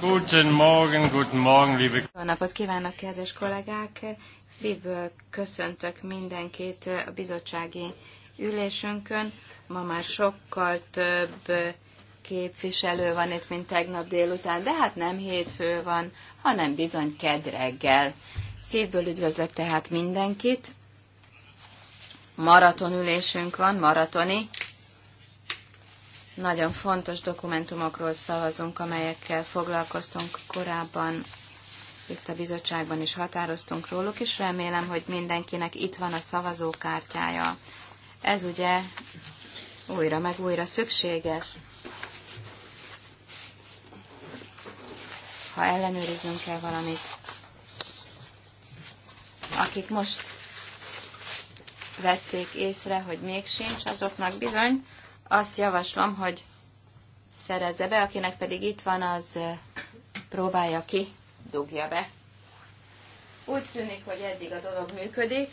Guten Morgen, guten Morgen, liebe... Jó napot kívánok, kedves kollégák! Szívből köszöntök mindenkit a bizottsági ülésünkön. Ma már sokkal több képviselő van itt, mint tegnap délután, de hát nem hétfő van, hanem bizony kedreggel. Szívből üdvözlök tehát mindenkit. Maratonülésünk van, maratoni nagyon fontos dokumentumokról szavazunk, amelyekkel foglalkoztunk korábban itt a bizottságban is határoztunk róluk, és remélem, hogy mindenkinek itt van a szavazókártyája. Ez ugye újra meg újra szükséges. Ha ellenőriznünk kell valamit, akik most vették észre, hogy még sincs, azoknak bizony azt javaslom, hogy szerezze be, akinek pedig itt van, az próbálja ki, dugja be. Úgy tűnik, hogy eddig a dolog működik.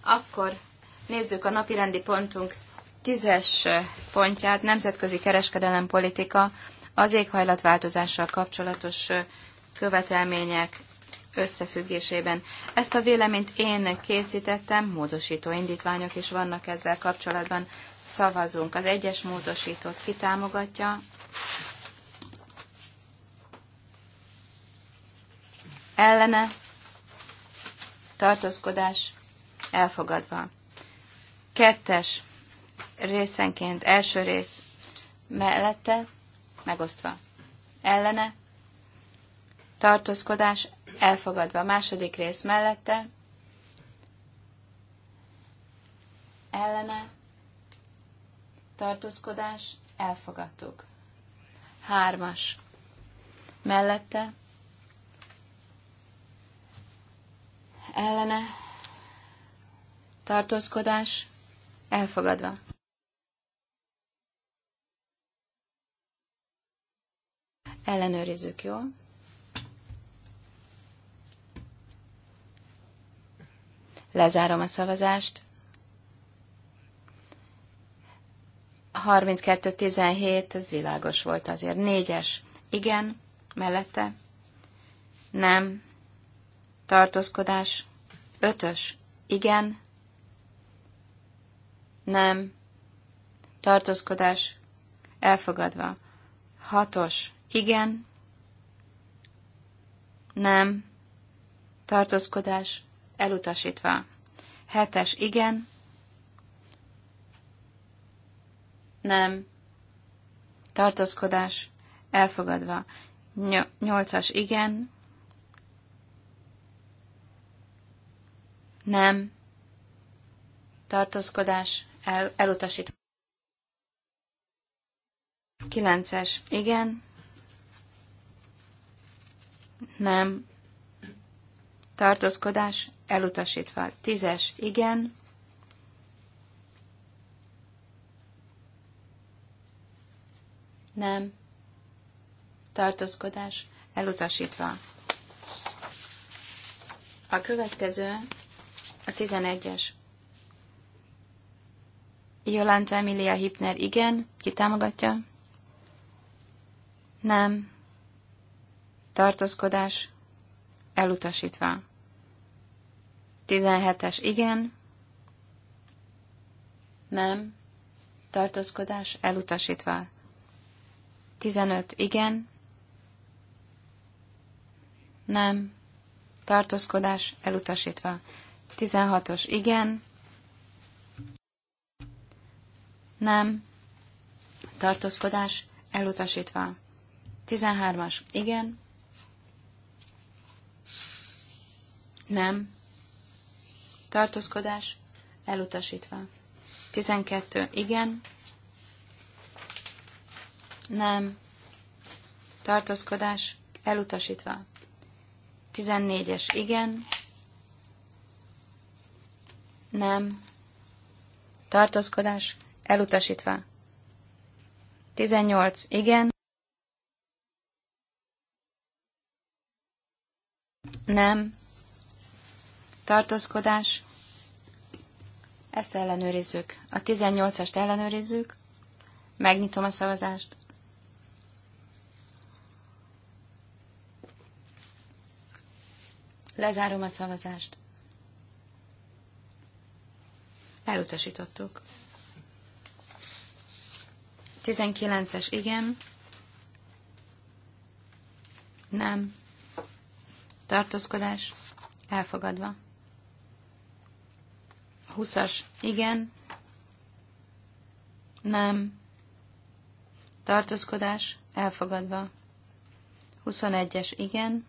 Akkor nézzük a napirendi pontunk tízes pontját, nemzetközi kereskedelem politika, az éghajlatváltozással kapcsolatos követelmények összefüggésében. Ezt a véleményt én készítettem, módosító indítványok is vannak ezzel kapcsolatban. Szavazunk. Az egyes módosítót kitámogatja. Ellene? Tartózkodás? Elfogadva. Kettes részenként első rész mellette, megosztva. Ellene? Tartózkodás? Elfogadva. Második rész mellette, ellene tartózkodás, elfogadtuk. Hármas. Mellette, ellene, tartózkodás, elfogadva. Ellenőrizzük, jó? Lezárom a szavazást. 32-17, ez világos volt azért. Négyes, igen, mellette, nem, tartózkodás, ötös, igen, nem, tartózkodás, elfogadva, hatos, igen, nem, tartózkodás, elutasítva, hetes, igen, nem, tartózkodás, elfogadva. Nyolcas, igen, nem, tartózkodás, el, elutasítva. Kilences, igen, nem, tartózkodás, elutasítva. Tízes, igen, Nem. Tartózkodás elutasítva. A következő a 11-es. Jolanta Emilia Hipner igen, ki támogatja? Nem. Tartózkodás elutasítva. 17-es igen. Nem. Tartózkodás elutasítva. 15 igen, nem, tartózkodás elutasítva. 16-os igen, nem, tartózkodás elutasítva. 13-as igen, nem, tartózkodás elutasítva. 12 igen, nem. Tartózkodás elutasítva. 14-es igen. Nem. Tartózkodás elutasítva. 18 igen. Nem. Tartózkodás. Ezt ellenőrizzük. A 18-ast ellenőrizzük. Megnyitom a szavazást. Lezárom a szavazást. Elutasítottuk. 19-es igen. Nem. Tartózkodás. Elfogadva. 20-as igen. Nem. Tartózkodás. Elfogadva. 21-es igen.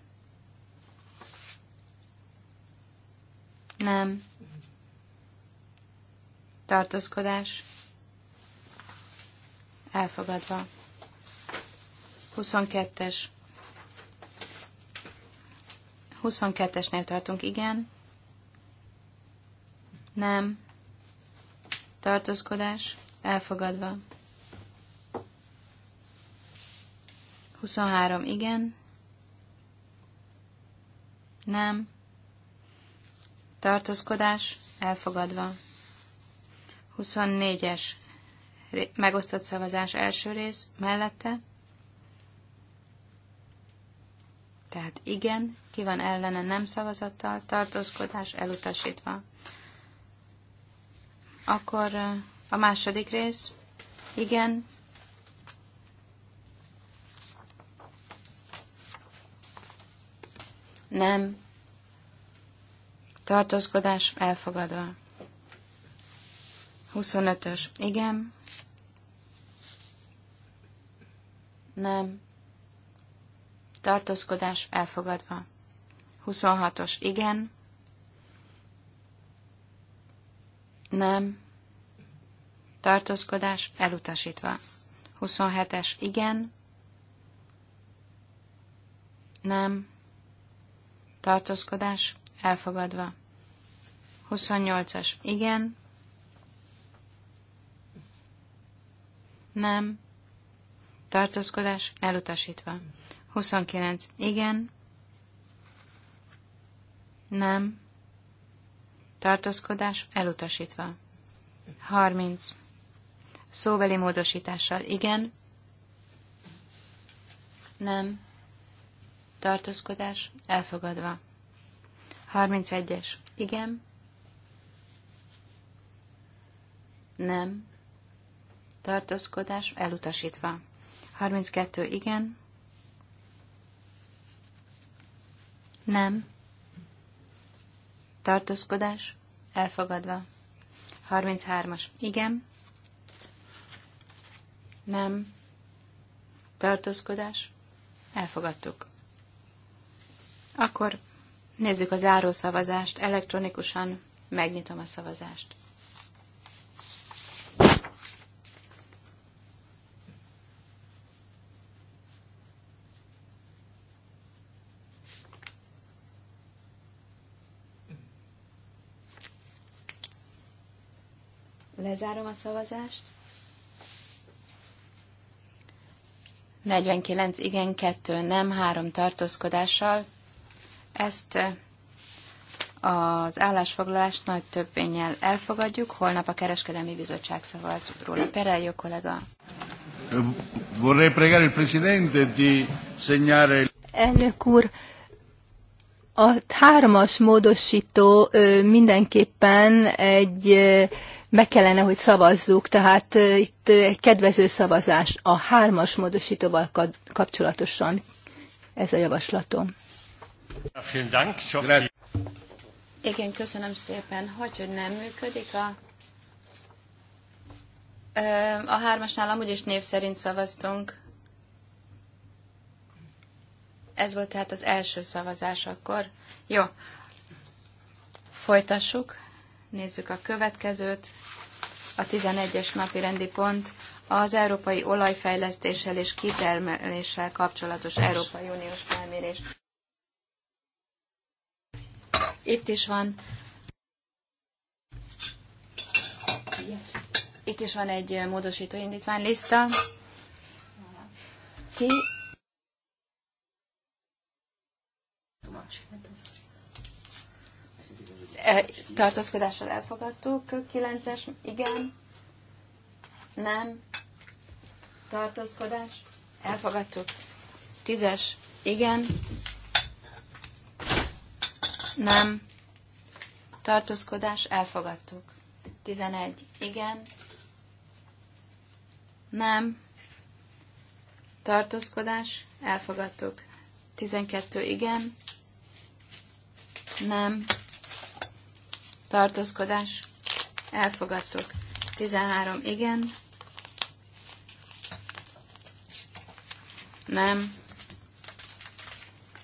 Nem. Tartózkodás. Elfogadva. 22-es. 22-esnél tartunk, igen. Nem. Tartózkodás. Elfogadva. 23, igen. Nem tartózkodás elfogadva. 24-es megosztott szavazás első rész mellette. Tehát igen, ki van ellene nem szavazattal, tartózkodás elutasítva. Akkor a második rész, igen, nem, tartózkodás elfogadva. 25-ös, igen, nem, tartózkodás elfogadva. 26-os, igen, nem, tartózkodás elutasítva. 27-es, igen, nem, tartózkodás elfogadva. 28-as. Igen. Nem. Tartózkodás elutasítva. 29. Igen. Nem. Tartózkodás elutasítva. 30. Szóbeli módosítással. Igen. Nem. Tartózkodás elfogadva. 31-es. Igen. nem, tartózkodás elutasítva. 32 igen, nem, tartózkodás elfogadva. 33-as igen, nem, tartózkodás elfogadtuk. Akkor nézzük az szavazást. elektronikusan megnyitom a szavazást. Lezárom a szavazást. 49 igen, 2 nem, 3 tartózkodással. Ezt eh, az állásfoglalást nagy többvényel elfogadjuk. Holnap a Kereskedelmi Bizottság szavaz róla. jó kollega. Vorrei pregare il Presidente di segnare... Elnök úr, a hármas módosító eh, mindenképpen egy eh, meg kellene, hogy szavazzuk, tehát itt egy kedvező szavazás a hármas módosítóval kapcsolatosan. Ez a javaslatom. Igen, köszönöm szépen. Hogy, hogy nem működik a... A hármasnál amúgy is név szerint szavaztunk. Ez volt tehát az első szavazás akkor. Jó, folytassuk. Nézzük a következőt. A 11-es napi rendi pont az európai olajfejlesztéssel és kitermeléssel kapcsolatos Európai Uniós felmérés. Itt is van. Itt is van egy módosító indítványlista. Ti E, tartózkodással elfogadtuk. kilences? igen. Nem. Tartózkodás. Elfogadtuk. Tízes, igen. Nem. Tartózkodás. Elfogadtuk. tizenegy? Igen. Nem. Tartózkodás. Elfogadtuk. tizenkettő? Igen. Nem tartózkodás, elfogadtuk. 13 igen, nem,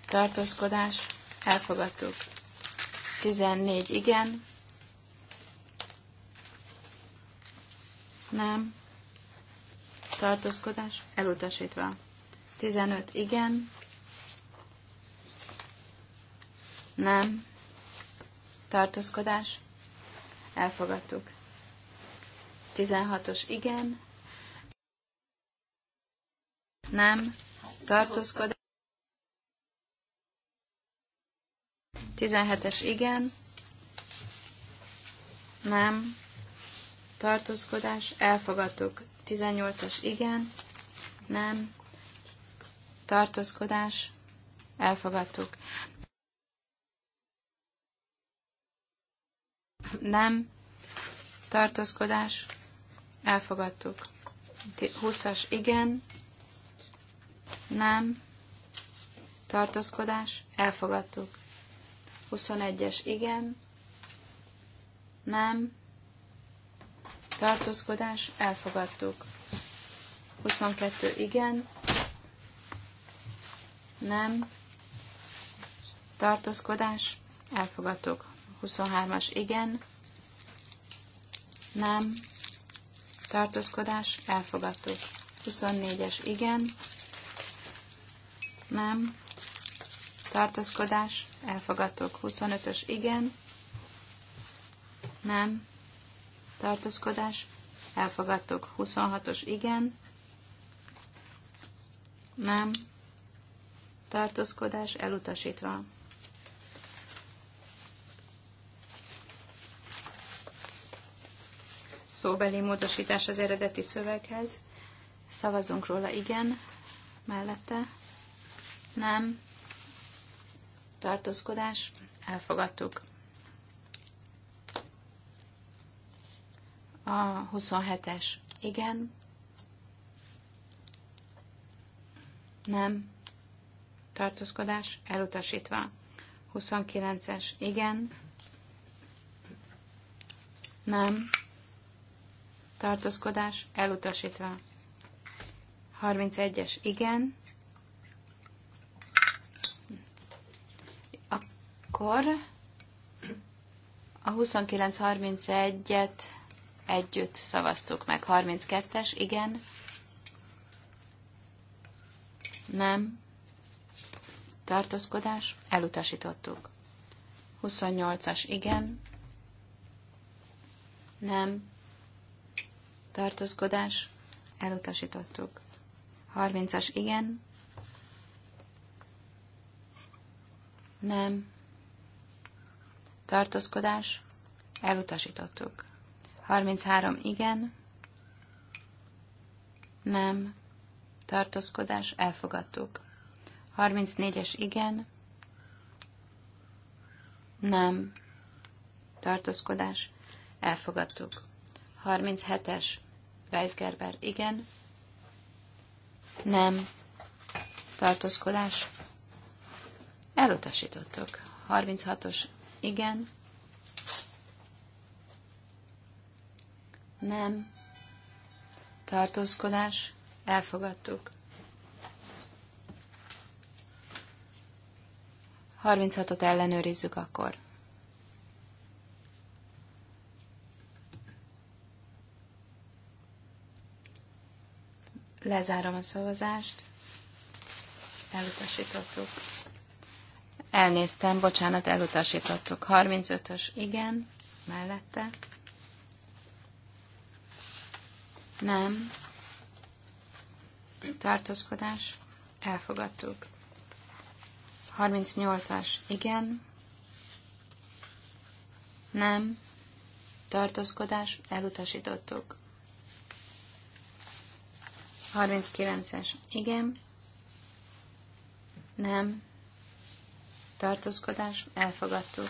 tartózkodás, elfogadtuk. 14 igen, nem, tartózkodás, elutasítva. 15 igen, nem, tartózkodás, elfogadtuk. 16-os igen, nem, tartózkodás, 17-es igen, nem, tartózkodás, elfogadtuk. 18-as igen, nem, tartózkodás, elfogadtuk. nem, tartózkodás, elfogadtuk. 20-as igen, nem, tartózkodás, elfogadtuk. 21-es igen, nem, tartózkodás, elfogadtuk. 22 igen, nem, tartózkodás, elfogadtuk. 23-as igen, nem, tartózkodás, elfogadtuk. 24-es igen, nem, tartózkodás, elfogadtuk. 25-ös igen, nem, tartózkodás, elfogadtuk. 26-os igen, nem, tartózkodás, elutasítva. szóbeli módosítás az eredeti szöveghez. Szavazunk róla igen, mellette, nem, tartózkodás, elfogadtuk. A 27-es, igen, nem, tartózkodás, elutasítva. 29-es, igen, nem, tartózkodás elutasítva. 31-es igen. Akkor a 29-31-et együtt szavaztuk meg. 32-es igen. Nem. Tartózkodás elutasítottuk. 28-as igen. Nem tartózkodás, elutasítottuk. 30-as igen, nem, tartózkodás, elutasítottuk. 33 igen, nem, tartózkodás, elfogadtuk. 34-es igen, nem, tartózkodás, elfogadtuk. 37-es Weisgerber, igen. Nem. Tartózkodás. Elutasítottok. 36-os, igen. Nem. Tartózkodás. Elfogadtuk. 36-ot ellenőrizzük akkor. Lezárom a szavazást. Elutasítottuk. Elnéztem, bocsánat, elutasítottuk. 35-ös igen, mellette. Nem. Tartózkodás. Elfogadtuk. 38-as igen. Nem. Tartózkodás. Elutasítottuk. 39-es. Igen. Nem. Tartózkodás. Elfogadtuk.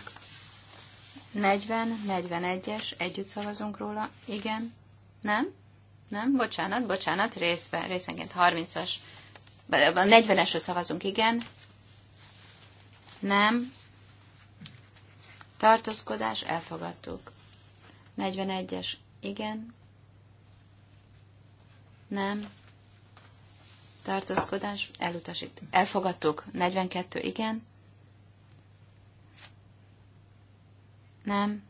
40, 41-es. Együtt szavazunk róla. Igen. Nem. Nem. Bocsánat, bocsánat. Részben. Részenként 30-as. A 40-esről szavazunk. Igen. Nem. Tartózkodás. Elfogadtuk. 41-es. Igen. Nem tartózkodás, elutasít. Elfogadtuk. 42, igen. Nem.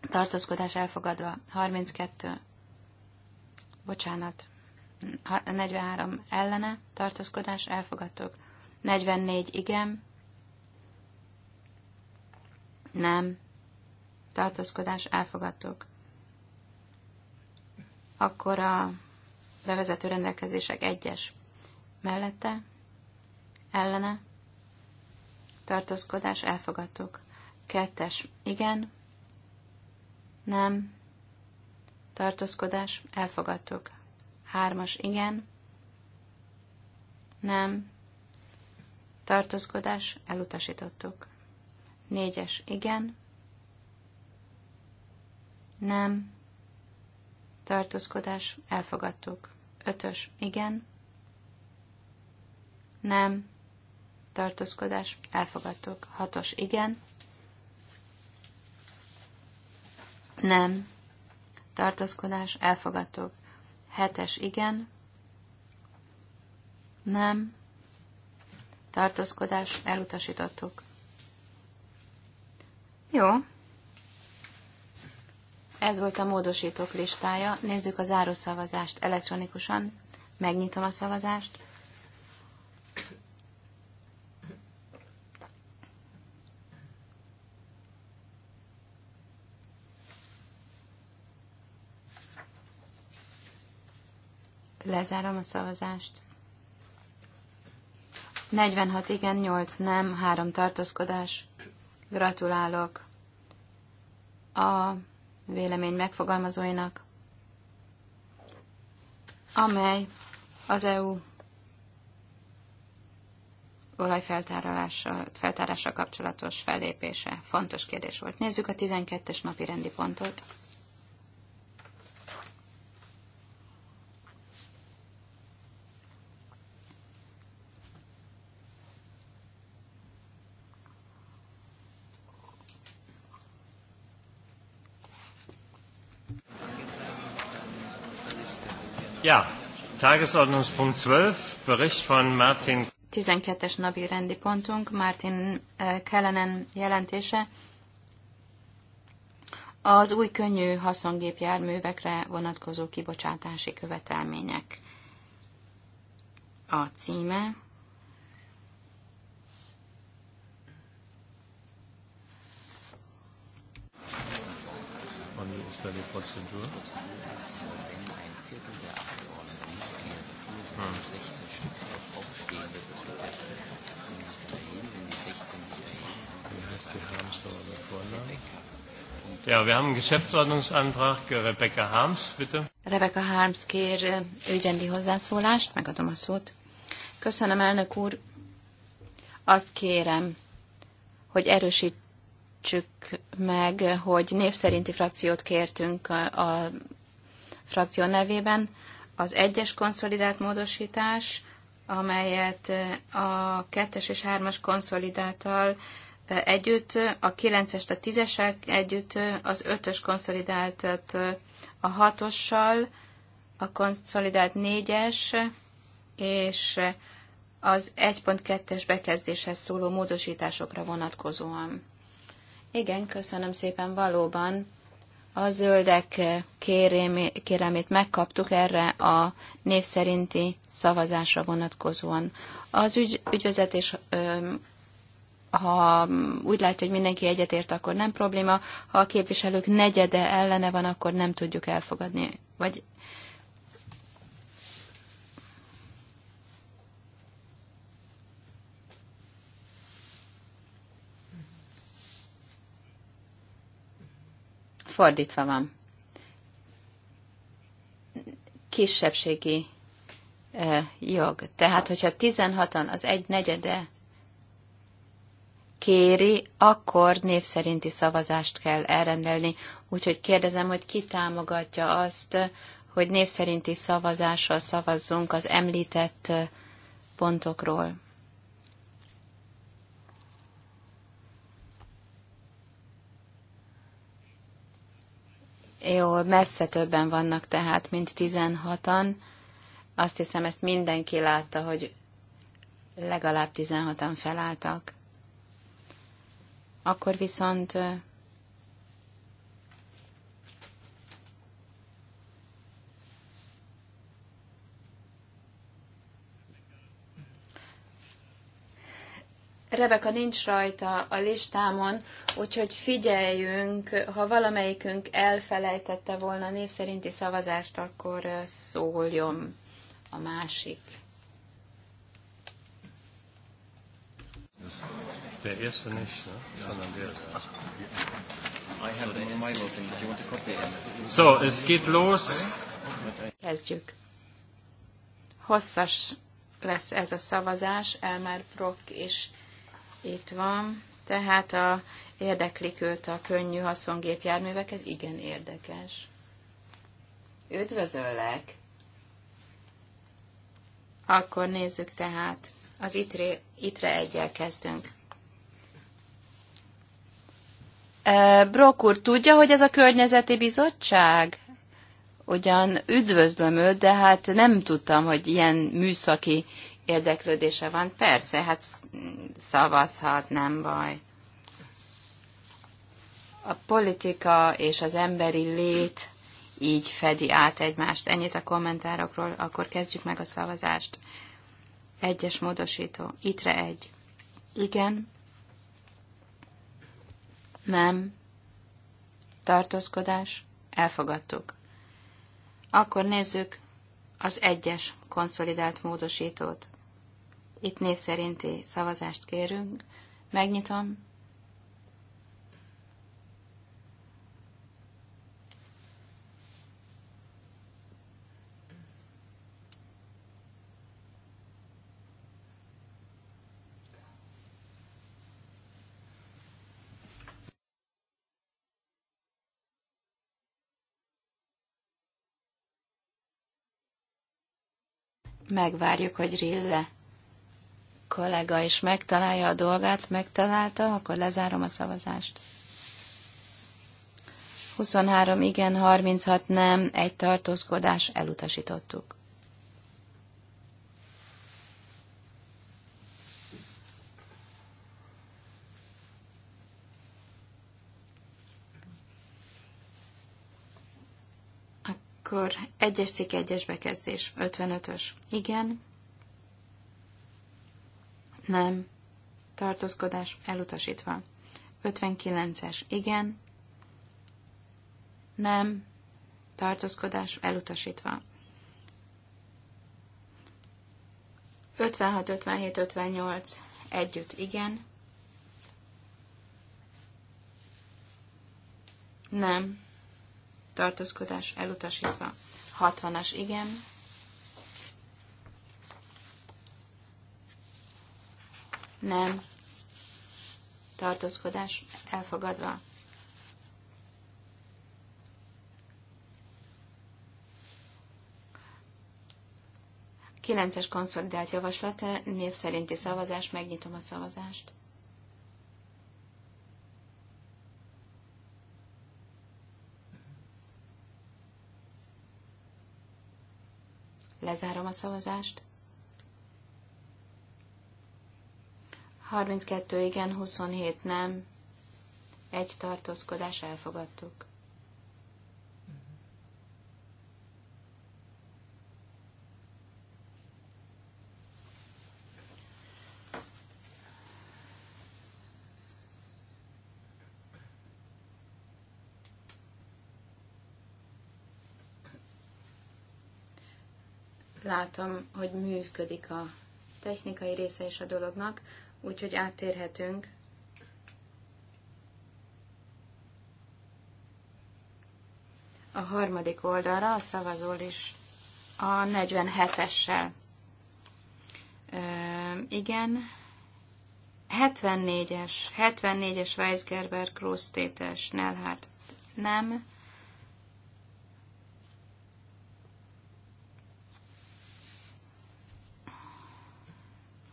Tartózkodás elfogadva. 32. Bocsánat. 43 ellene. Tartózkodás elfogadtuk. 44 igen. Nem. Tartózkodás elfogadtuk. Akkor a bevezető rendelkezések egyes mellette, ellene, tartózkodás elfogadtuk. Kettes, igen, nem, tartózkodás elfogadtuk. Hármas, igen, nem, tartózkodás elutasítottuk. Négyes, igen, nem, tartózkodás elfogadtuk. Ötös. Igen. Nem. Tartózkodás. Elfogadtuk. Hatos. Igen. Nem. Tartózkodás. Elfogadtuk. Hetes. Igen. Nem. Tartózkodás. Elutasítottuk. Jó. Ez volt a módosítók listája. Nézzük a zárószavazást elektronikusan. Megnyitom a szavazást. Lezárom a szavazást. 46 igen, 8 nem, 3 tartózkodás. Gratulálok a vélemény megfogalmazóinak, amely az EU olajfeltárással feltárással kapcsolatos fellépése. Fontos kérdés volt. Nézzük a 12-es napi rendi pontot. Tagesordnungspunkt 12, Bericht von Martin. 12-es napi rendi pontunk, Martin eh, Kellenen jelentése. Az új könnyű haszongépjárművekre vonatkozó kibocsátási követelmények. A címe A die Prozedur? diesmal noch 16 Stück aufstehende, das wir testen. nicht erheben, wenn die 16 nicht erheben, dann heißt die Harmsauer Vorname. Ja, wir haben einen Geschäftsordnungsantrag. Äh, Rebecca Harms, bitte. Rebecca Harms kér ügyrendi hozzászólást, megadom a szót. Köszönöm, elnök úr. Azt kérem, hogy erősítsük meg, hogy név szerinti frakciót kértünk a, a frakció nevében. Az egyes konszolidált módosítás, amelyet eh, a kettes és hármas konszolidáltal eh, együtt, a kilencest a 10 együtt, eh, az ötös konszolidáltat a hatossal, a konszolidált négyes és az 1.2-es bekezdéshez szóló módosításokra vonatkozóan. Igen, köszönöm szépen valóban. A zöldek kérelmét megkaptuk erre a név szerinti szavazásra vonatkozóan. Az ügy, ügyvezetés, ha úgy látja, hogy mindenki egyetért, akkor nem probléma. Ha a képviselők negyede ellene van, akkor nem tudjuk elfogadni, vagy fordítva van. Kisebbségi jog. Tehát, hogyha 16-an az egy negyede kéri, akkor név szerinti szavazást kell elrendelni. Úgyhogy kérdezem, hogy ki támogatja azt, hogy név szerinti szavazással szavazzunk az említett pontokról. Jó, messze többen vannak tehát, mint 16-an. Azt hiszem, ezt mindenki látta, hogy legalább 16-an felálltak. Akkor viszont Rebeka nincs rajta a listámon, úgyhogy figyeljünk, ha valamelyikünk elfelejtette volna a név szerinti szavazást, akkor szóljon a másik. Der erste nicht, ne? sondern der. So, es geht los. Kezdjük. Hosszas lesz ez a szavazás, Elmer Brock és itt van. Tehát a, érdeklik őt a könnyű haszongépjárművek, ez igen érdekes. Üdvözöllek! Akkor nézzük tehát. Az itre, itre egyel kezdünk. E, Brok úr, tudja, hogy ez a környezeti bizottság? Ugyan üdvözlöm őt, de hát nem tudtam, hogy ilyen műszaki érdeklődése van. Persze, hát szavazhat, nem baj. A politika és az emberi lét így fedi át egymást. Ennyit a kommentárokról, akkor kezdjük meg a szavazást. Egyes módosító. Itre egy. Igen. Nem. Tartózkodás. Elfogadtuk. Akkor nézzük az egyes konszolidált módosítót. Itt név szerinti szavazást kérünk. Megnyitom. Megvárjuk, hogy Rille kollega is megtalálja a dolgát, megtalálta, akkor lezárom a szavazást. 23 igen, 36 nem, egy tartózkodás, elutasítottuk. Akkor egyes cikk, egyes bekezdés, 55-ös. Igen, nem. Tartózkodás elutasítva. 59-es. Igen. Nem. Tartózkodás elutasítva. 56, 57, 58 együtt igen. Nem. Tartózkodás elutasítva. 60-as igen. nem, tartózkodás elfogadva. Kilences konszolidált javaslat, név szerinti szavazás, megnyitom a szavazást. Lezárom a szavazást. 32 igen, 27 nem. Egy tartózkodás elfogadtuk. Látom, hogy működik a technikai része is a dolognak úgyhogy áttérhetünk a harmadik oldalra, a szavazol is a 47-essel. igen, 74-es, 74-es Weisgerber, Kroos, Tétes, Nelhárt. Nem.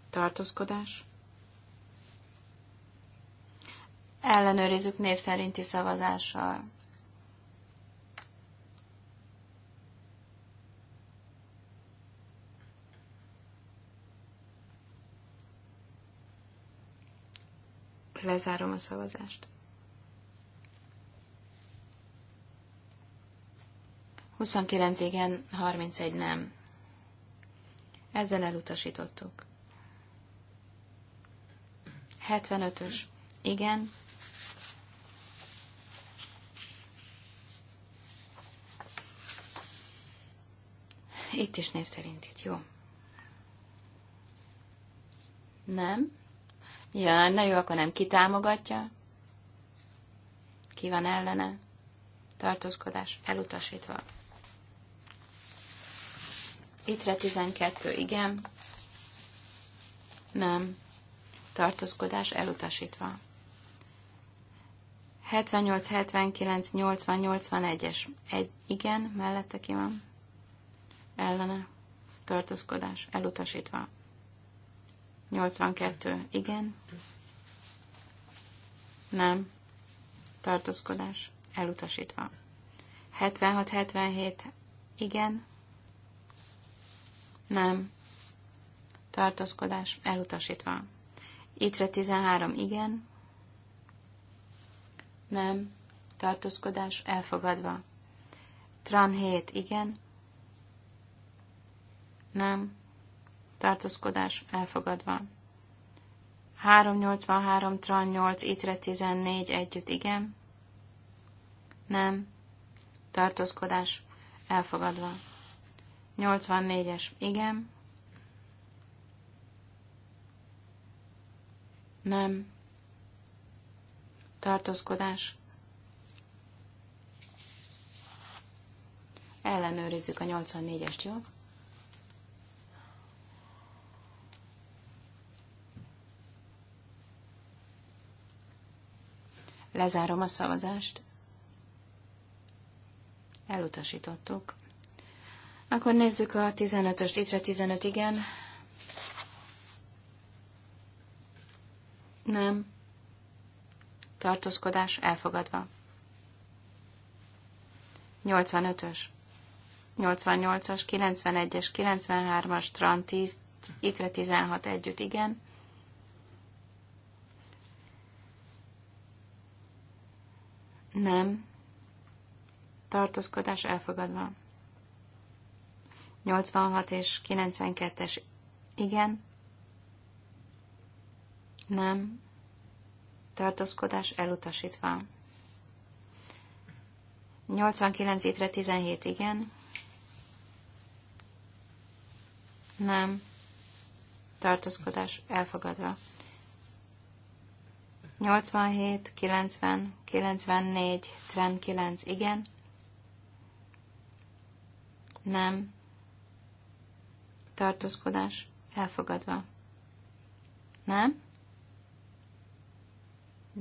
Tartózkodás. ellenőrizzük név szerinti szavazással. Lezárom a szavazást. 29 igen, 31 nem. Ezzel elutasítottuk. 75-ös. Igen, Itt is név szerint itt, jó. Nem? Ja, na jó, akkor nem Ki támogatja? Ki van ellene? Tartózkodás elutasítva. Ittre 12, igen. Nem. Tartózkodás elutasítva. 78, 79, 80, 81-es. Egy, igen, mellette ki van ellene, tartózkodás elutasítva. 82. Igen. Nem. Tartózkodás elutasítva. 76-77. Igen. Nem. Tartózkodás elutasítva. Ittre 13. Igen. Nem. Tartózkodás elfogadva. Tran 7. Igen. Nem. Tartózkodás elfogadva. 383 tran 8 itre 14 együtt igen. Nem. Tartózkodás elfogadva. 84-es igen. Nem. Tartózkodás. Ellenőrizzük a 84-est, jó? Lezárom a szavazást. Elutasítottuk. Akkor nézzük a 15-öst. Itt 15, igen. Nem. Tartózkodás elfogadva. 85-ös. 88-as, 91-es, 93-as, Tran 10, Itre 16 együtt, igen. Nem. Tartózkodás elfogadva. 86 és 92-es. Igen. Nem. Tartózkodás elutasítva. 89 étre 17, igen. Nem. Tartózkodás elfogadva. 87, 90, 94, 39, igen. Nem. Tartózkodás elfogadva. Nem?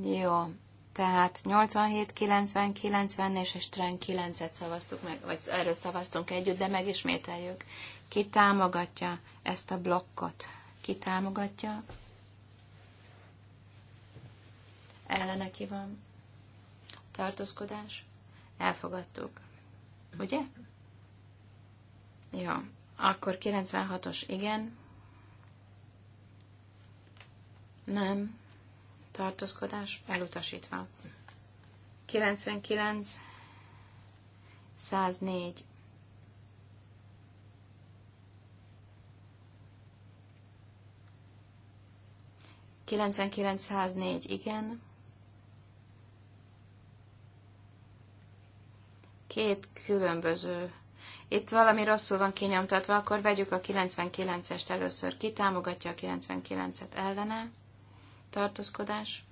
Jó. Tehát 87, 90, 90 és a Stren 9-et szavaztuk meg, vagy erről szavaztunk együtt, de megismételjük. Ki támogatja ezt a blokkot? Ki támogatja Elleneki van, tartózkodás, elfogadtuk. Ugye? Jó. Ja. Akkor 96-os igen. Nem. Tartózkodás elutasítva. 99. 104. Kilencvenkilenc igen. Két különböző. Itt valami rosszul van kinyomtatva, akkor vegyük a 99-est először. Ki támogatja a 99-et ellene? Tartózkodás?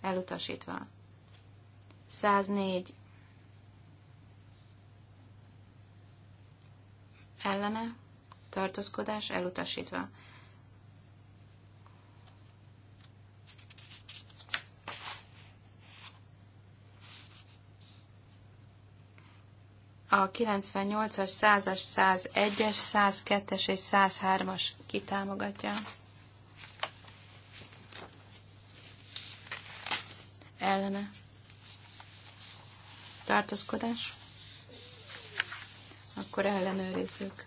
Elutasítva. 104 ellene, tartózkodás elutasítva. a 98-as, 100-as, 101-es, 102-es és 103-as kitámogatja. Ellene. Tartózkodás. Akkor ellenőrizzük.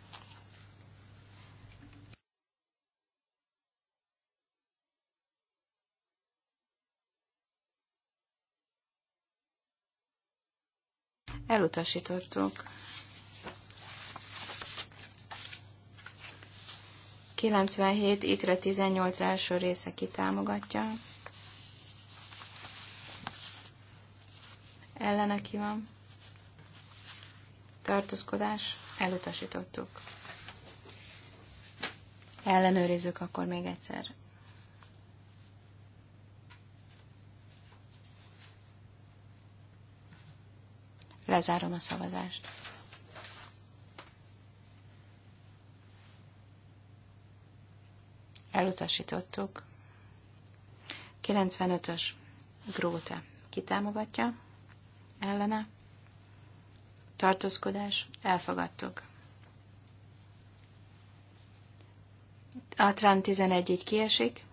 Elutasítottuk. 97, ittre 18 első része kitámogatja. Ellene ki van. Tartózkodás. Elutasítottuk. Ellenőrizzük akkor még egyszer. Lezárom a szavazást. Elutasítottuk. 95-ös Gróte. kitámogatja Ellene? Tartózkodás? Elfogadtuk. A Trán 11 így kiesik.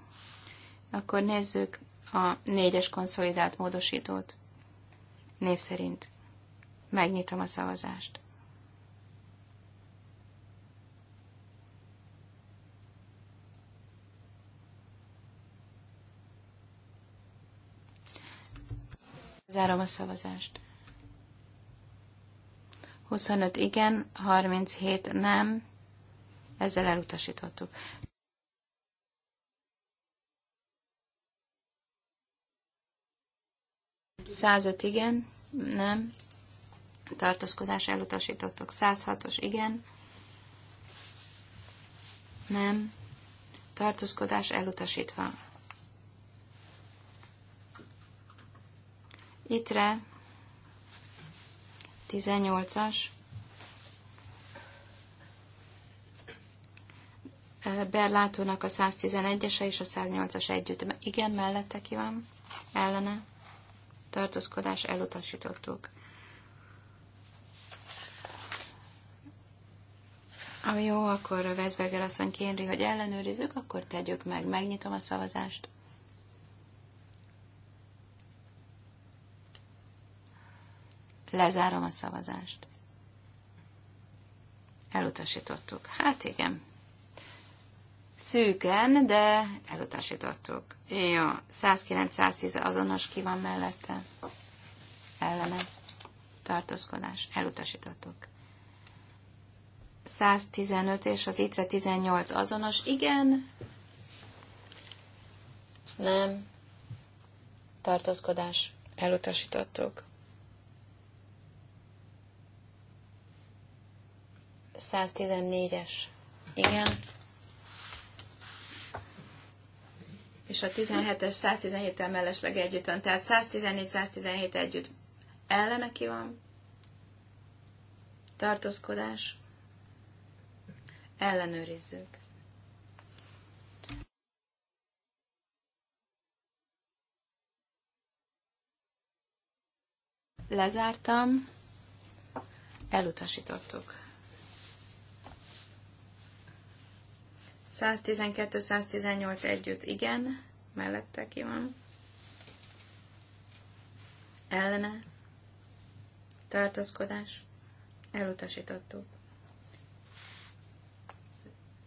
Akkor nézzük a négyes konszolidált módosítót. Név szerint. Megnyitom a szavazást. Zárom a szavazást. 25 igen, 37 nem. Ezzel elutasítottuk. Százöt igen, nem, tartózkodás elutasítottok. 106-os igen, nem, tartózkodás elutasítva. Ittre 18-as, Berlátónak a 111-ese és a 108-as együtt. Igen, mellette ki van, ellene, tartózkodás elutasítottuk. Ami jó, akkor Veszberger asszony kéri, hogy ellenőrizzük, akkor tegyük meg. Megnyitom a szavazást. Lezárom a szavazást. Elutasítottuk. Hát igen. Szűken, de elutasítottuk. Jó, 109-110 azonos ki van mellette. Ellene. Tartózkodás. Elutasítottuk. 115 és az ITRE 18 azonos. Igen. Nem. Tartózkodás. Elutasítottuk. 114-es. Igen. És a 17-es 117-tel mellesleg együtt van. Tehát 114-117 együtt. Ellene ki van? Tartózkodás ellenőrizzük. Lezártam, elutasítottuk. 112-118 együtt igen, mellette ki van. Ellene, tartózkodás, elutasítottuk.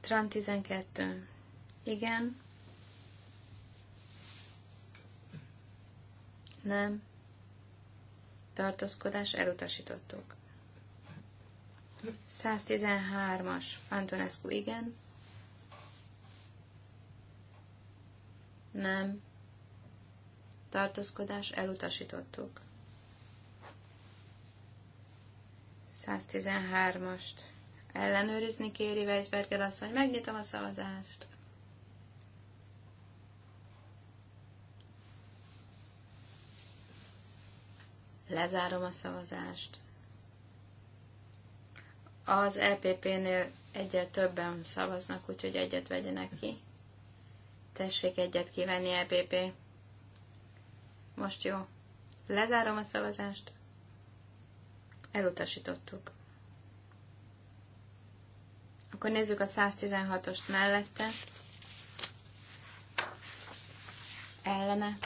Tran 12. Igen. Nem. Tartózkodás elutasítottuk. 113-as. Antonescu igen. Nem. Tartózkodás elutasítottuk. 113-ast. Ellenőrizni kéri Weisberger asszony. Megnyitom a szavazást. Lezárom a szavazást. Az EPP-nél egyet többen szavaznak, úgyhogy egyet vegyenek ki. Tessék egyet kivenni, EPP. Most jó. Lezárom a szavazást. Elutasítottuk. Akkor nézzük a 116-ost mellette. Ellene.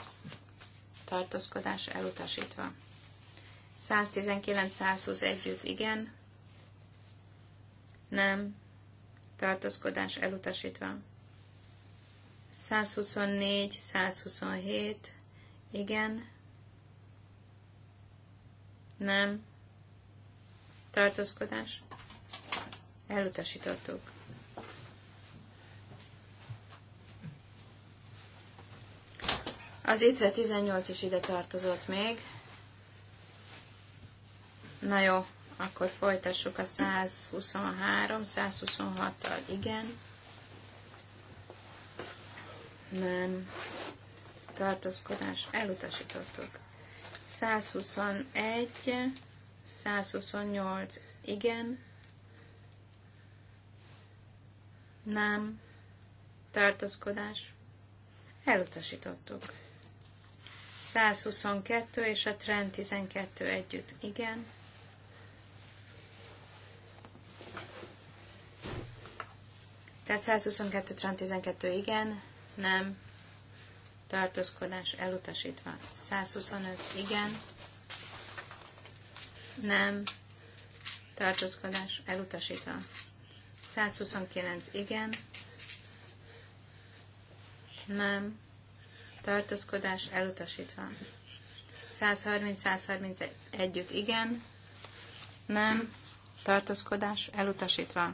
Tartózkodás elutasítva. 119-120 együtt igen. Nem. Tartózkodás elutasítva. 124-127 igen. Nem. Tartózkodás Elutasítottuk. Az ICE 18 is ide tartozott még. Na jó, akkor folytassuk a 123-126-tal. Igen. Nem. Tartózkodás. Elutasítottuk. 121, 128. Igen. nem, tartózkodás, elutasítottuk. 122 és a trend 12 együtt, igen. Tehát 122, trend 12, igen, nem, tartózkodás elutasítva. 125, igen, nem, tartózkodás elutasítva. 129 igen, nem, tartózkodás elutasítva. 130-131 együtt igen, nem, tartózkodás elutasítva.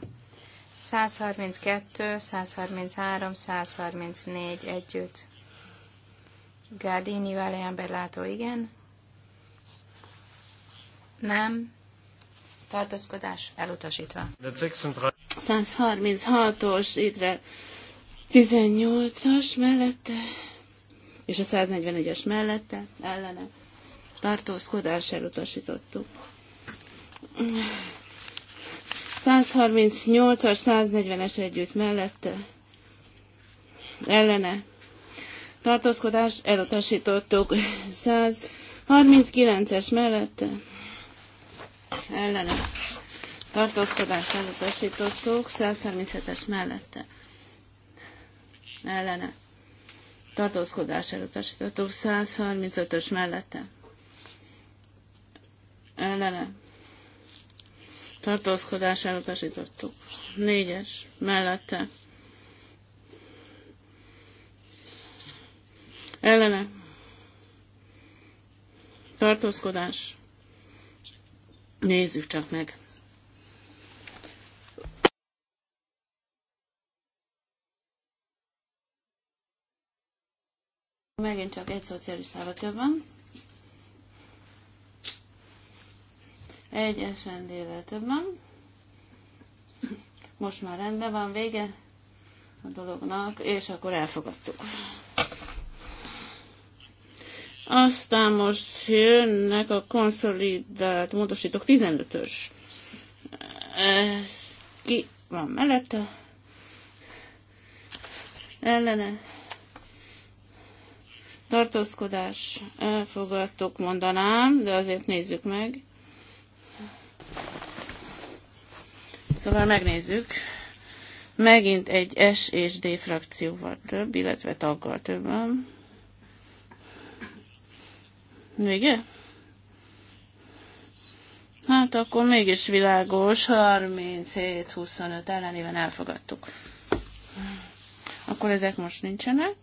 132, 133, 134 együtt. vele ember látó igen, nem, tartózkodás elutasítva. 136-os ittre 18-as mellette, és a 141-es mellette, ellene tartózkodás elutasítottuk. 138-as, 140-es együtt mellette, ellene tartózkodás elutasítottuk. 139-es mellette, ellene tartózkodást elutasítottuk, 137-es mellette ellene tartózkodás elutasítottuk, 135-ös mellette ellene tartózkodás elutasítottuk, 4-es mellette ellene tartózkodás Nézzük csak meg. Megint csak egy szocialistával több van. Egy SND-vel több van. Most már rendben van, vége a dolognak, és akkor elfogadtuk. Aztán most jönnek a konszolidált módosítók 15-ös. Ez ki van mellette? Ellene tartózkodás elfogadtuk, mondanám, de azért nézzük meg. Szóval megnézzük. Megint egy S és D frakcióval több, illetve taggal van. Vége? Hát akkor mégis világos, 37-25 ellenében elfogadtuk. Akkor ezek most nincsenek.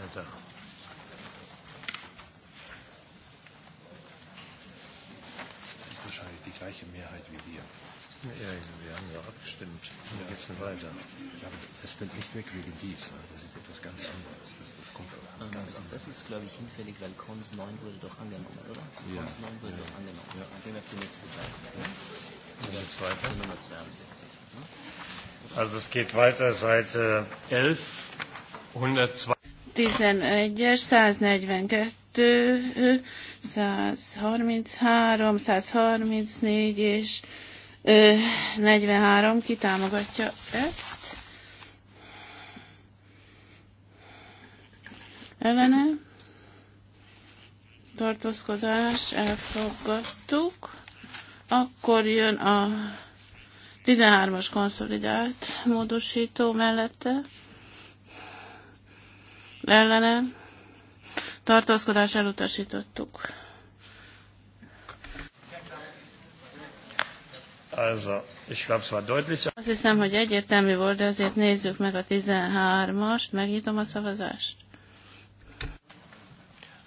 weiter. Das ist wahrscheinlich die gleiche Mehrheit wie hier. Ja, wir haben ja abgestimmt. Ja. Jetzt weiter. Ja, das wird nicht weg wegen dies. Das ist etwas ganz anderes. Das, das kommt auch ah, ganz also, anders. Das ist, glaube ich, hinfällig, weil Kons 9 wurde doch angenommen, oder? Ja. Kons 9 wurde ja. doch angenommen. Ja. Dann gehen wir auf die nächste Seite. Ja. Und jetzt weiter. Nummer 42. Also es geht weiter, Seite 11, 102. 111 es 142, 133, 134 és 43 kitámogatja ezt. Ellene tartózkodás elfogadtuk. Akkor jön a 13-as konszolidált módosító mellette ellene tartózkodás elutasítottuk. Also, ich glaube, es war deutlich. Azt hiszem, hogy egyértelmű volt, de azért nézzük meg a 13-ast. Megnyitom a szavazást.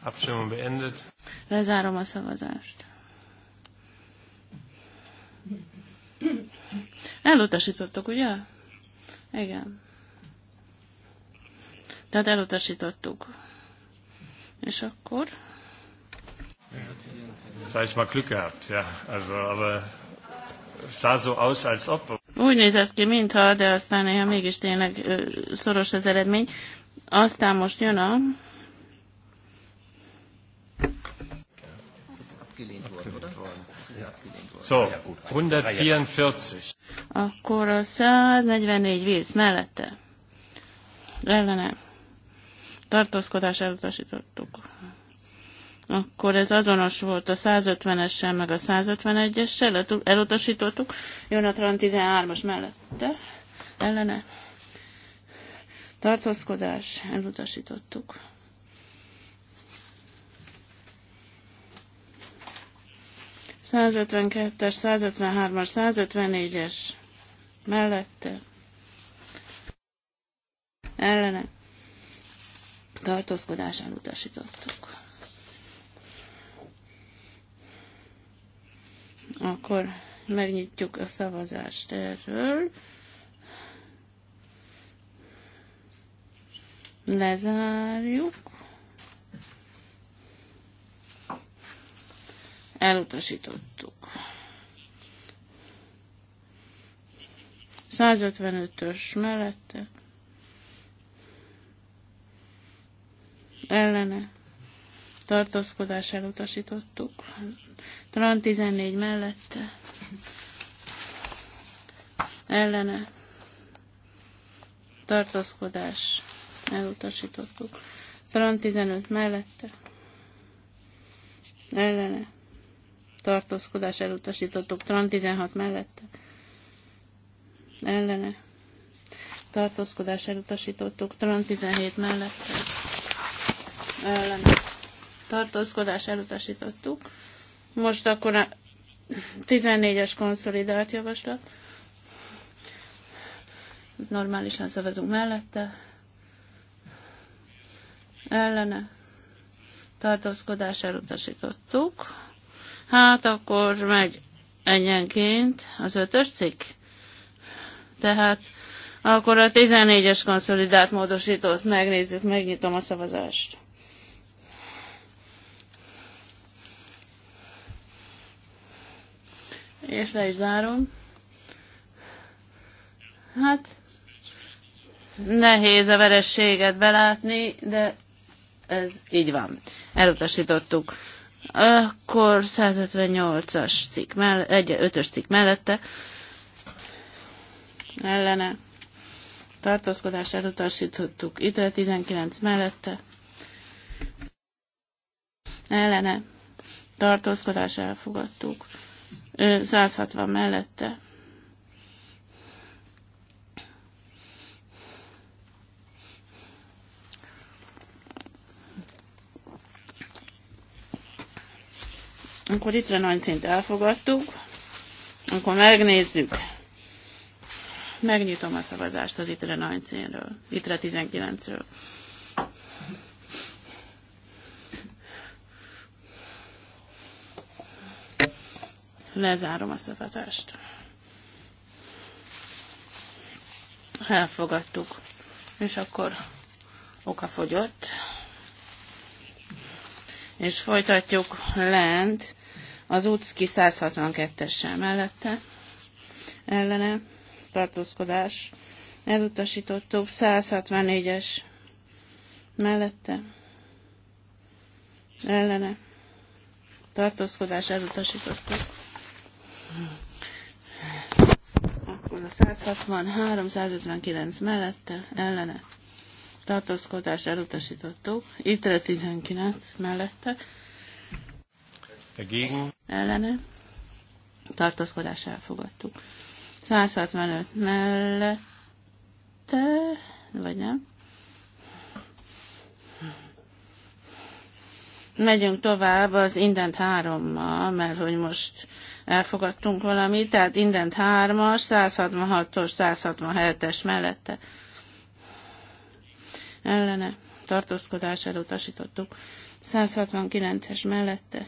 Abstimmung beendet. Lezárom a szavazást. Elutasítottuk, ugye? Igen. Tehát elutasítottuk. És akkor? sajnos már mal ja. Also, aus, als ob. Úgy nézett ki, mintha, de aztán néha mégis tényleg szoros az eredmény. Aztán most jön a... So, 144. Akkor a 144 víz mellette. Ellene tartózkodás elutasítottuk. Akkor ez azonos volt a 150-essel, meg a 151-essel, elutasítottuk. Jön a 13-as mellette, ellene. Tartózkodás, elutasítottuk. Százötvenkettes, 153-as, 154-es mellette, ellene tartózkodás utasítottuk. Akkor megnyitjuk a szavazást erről. Lezárjuk. Elutasítottuk. 155-ös mellette ellene tartózkodás elutasítottuk. Tran 14 mellette ellene tartózkodás elutasítottuk. Tran 15 mellette ellene tartózkodás elutasítottuk. Tran 16 mellette ellene tartózkodás elutasítottuk. Tran 17 mellette ellen tartózkodás elutasítottuk. Most akkor a 14-es konszolidált javaslat. Normálisan szavazunk mellette. Ellene tartózkodás elutasítottuk. Hát akkor megy egyenként az ötös cikk. Tehát akkor a 14-es konszolidált módosítót megnézzük, megnyitom a szavazást. és le is zárom. Hát, nehéz a verességet belátni, de ez így van. Elutasítottuk. Akkor 158-as cikk mellette, egy 5-ös cikk mellette ellene tartózkodás elutasítottuk. Itt 19 mellette ellene tartózkodás elfogadtuk. 160 mellette. Akkor itt van szint elfogadtuk, akkor megnézzük. Megnyitom a szavazást az ITRE 19-ről. ITRE 19-ről. Lezárom a szavazást. Elfogadtuk. És akkor oka fogyott. És folytatjuk lent az utcki 162-essel mellette ellene tartózkodás. Elutasítottuk 164-es mellette ellene tartózkodás elutasítottuk. Akkor a 160, 159 mellette, ellene tartózkodás elutasítottuk. Itre 19 mellette. Dagegen. Ellene. Tartózkodás elfogadtuk. 165 mellette, vagy nem. Megyünk tovább az indent hárommal, mert hogy most elfogadtunk valamit, tehát indent 3-as, 166-os, 167-es mellette ellene tartózkodás elutasítottuk. 169-es mellette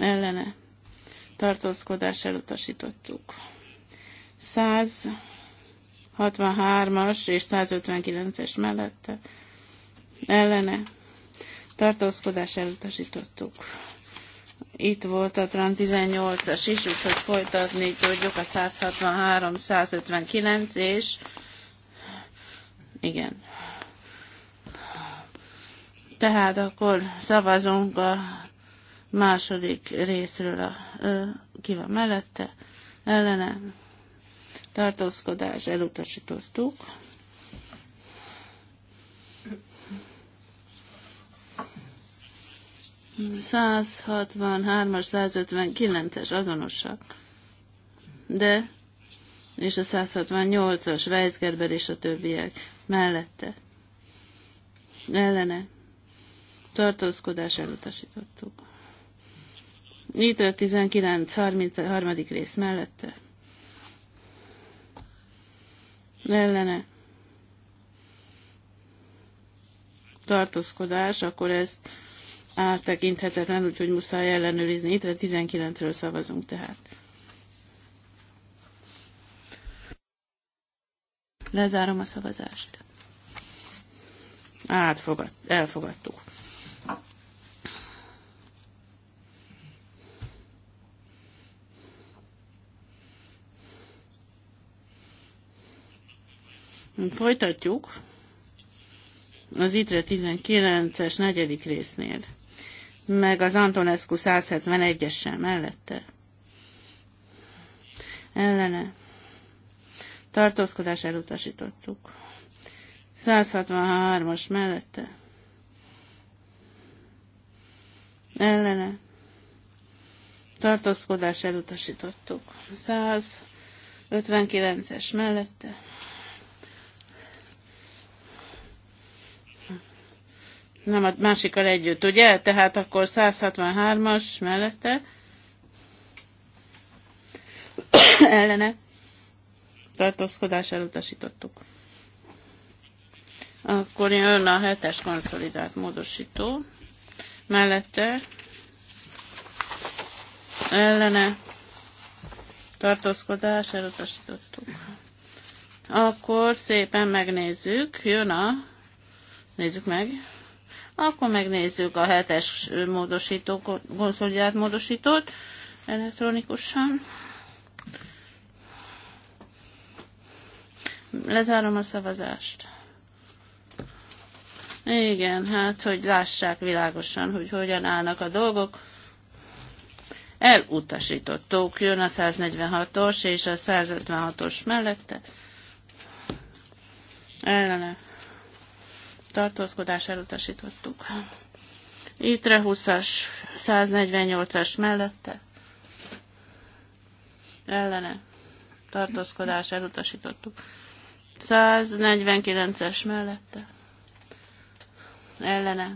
ellene tartózkodás elutasítottuk. 163-as és 159-es mellette ellene tartózkodás elutasítottuk itt volt a Tran 18-as is, úgyhogy folytatni tudjuk a 163, 159 és igen. Tehát akkor szavazunk a második részről a, ö, ki van mellette, ellene, tartózkodás, elutasítottuk. 163-as, 159-es azonosak. De, és a 168-as, Weisgerber és a többiek mellette. Ellene. Tartózkodás elutasítottuk. Itt a 19, 33. rész mellette. Ellene. Tartózkodás, akkor ezt áttekinthetetlen, úgyhogy muszáj ellenőrizni. Itt 19-ről szavazunk tehát. Lezárom a szavazást. Átfogad, elfogadtuk. Folytatjuk az ITRE 19-es negyedik résznél meg az Antonescu 171-essel mellette. Ellene. Tartózkodás elutasítottuk. 163-as mellette. Ellene. Tartózkodás elutasítottuk. 159-es mellette. Nem a másikkal együtt, ugye? Tehát akkor 163-as mellette. Ellene. Tartózkodás elutasítottuk. Akkor jön a 7-es konszolidált módosító. Mellette. Ellene. Tartózkodás elutasítottuk. Akkor szépen megnézzük. Jön a... Nézzük meg. Akkor megnézzük a hetes módosító, konszolidált módosítót elektronikusan. Lezárom a szavazást. Igen, hát, hogy lássák világosan, hogy hogyan állnak a dolgok. Elutasítottók jön a 146-os és a 156-os mellette. Ellene tartózkodás elutasítottuk. Ittre 20-as, 148-as mellette, ellene, tartózkodás elutasítottuk. 149-es mellette, ellene,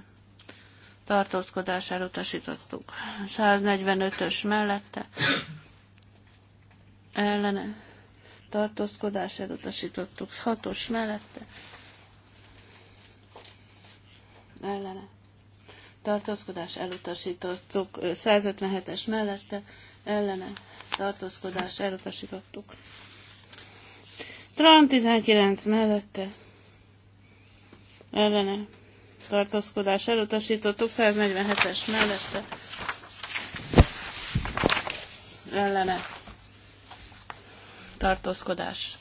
tartózkodás elutasítottuk. 145-ös mellette, ellene, tartózkodás elutasítottuk. 6-os mellette, ellene tartózkodás elutasítottuk, 157-es mellette ellene tartózkodás elutasítottuk. Trump 19 mellette ellene tartózkodás elutasítottuk, 147-es mellette ellene tartózkodás.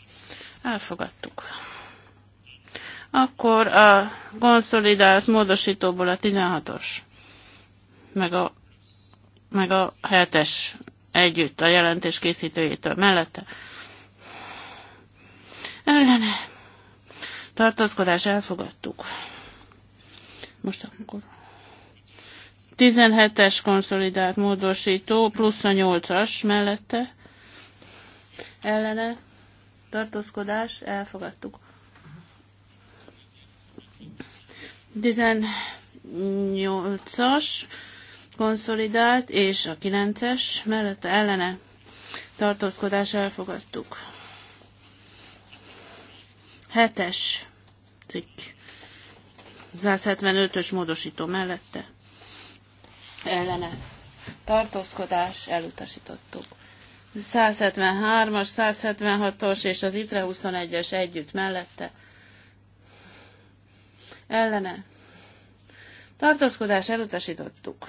Elfogadtuk. Akkor a konszolidált módosítóból a 16-os, meg a, meg a 7-es együtt a jelentés készítőjétől mellette. Ellene. Tartózkodás elfogadtuk. Most akkor. 17-es konszolidált módosító, plusz a 8-as mellette. Ellene. Tartózkodás elfogadtuk. 18-as konszolidált és a 9-es mellette ellene tartózkodás elfogadtuk. 7-es cikk 175-ös módosító mellette ellene tartózkodás elutasítottuk. 173-as, 176-os és az ITRE 21-es együtt mellette ellene tartózkodás elutasítottuk.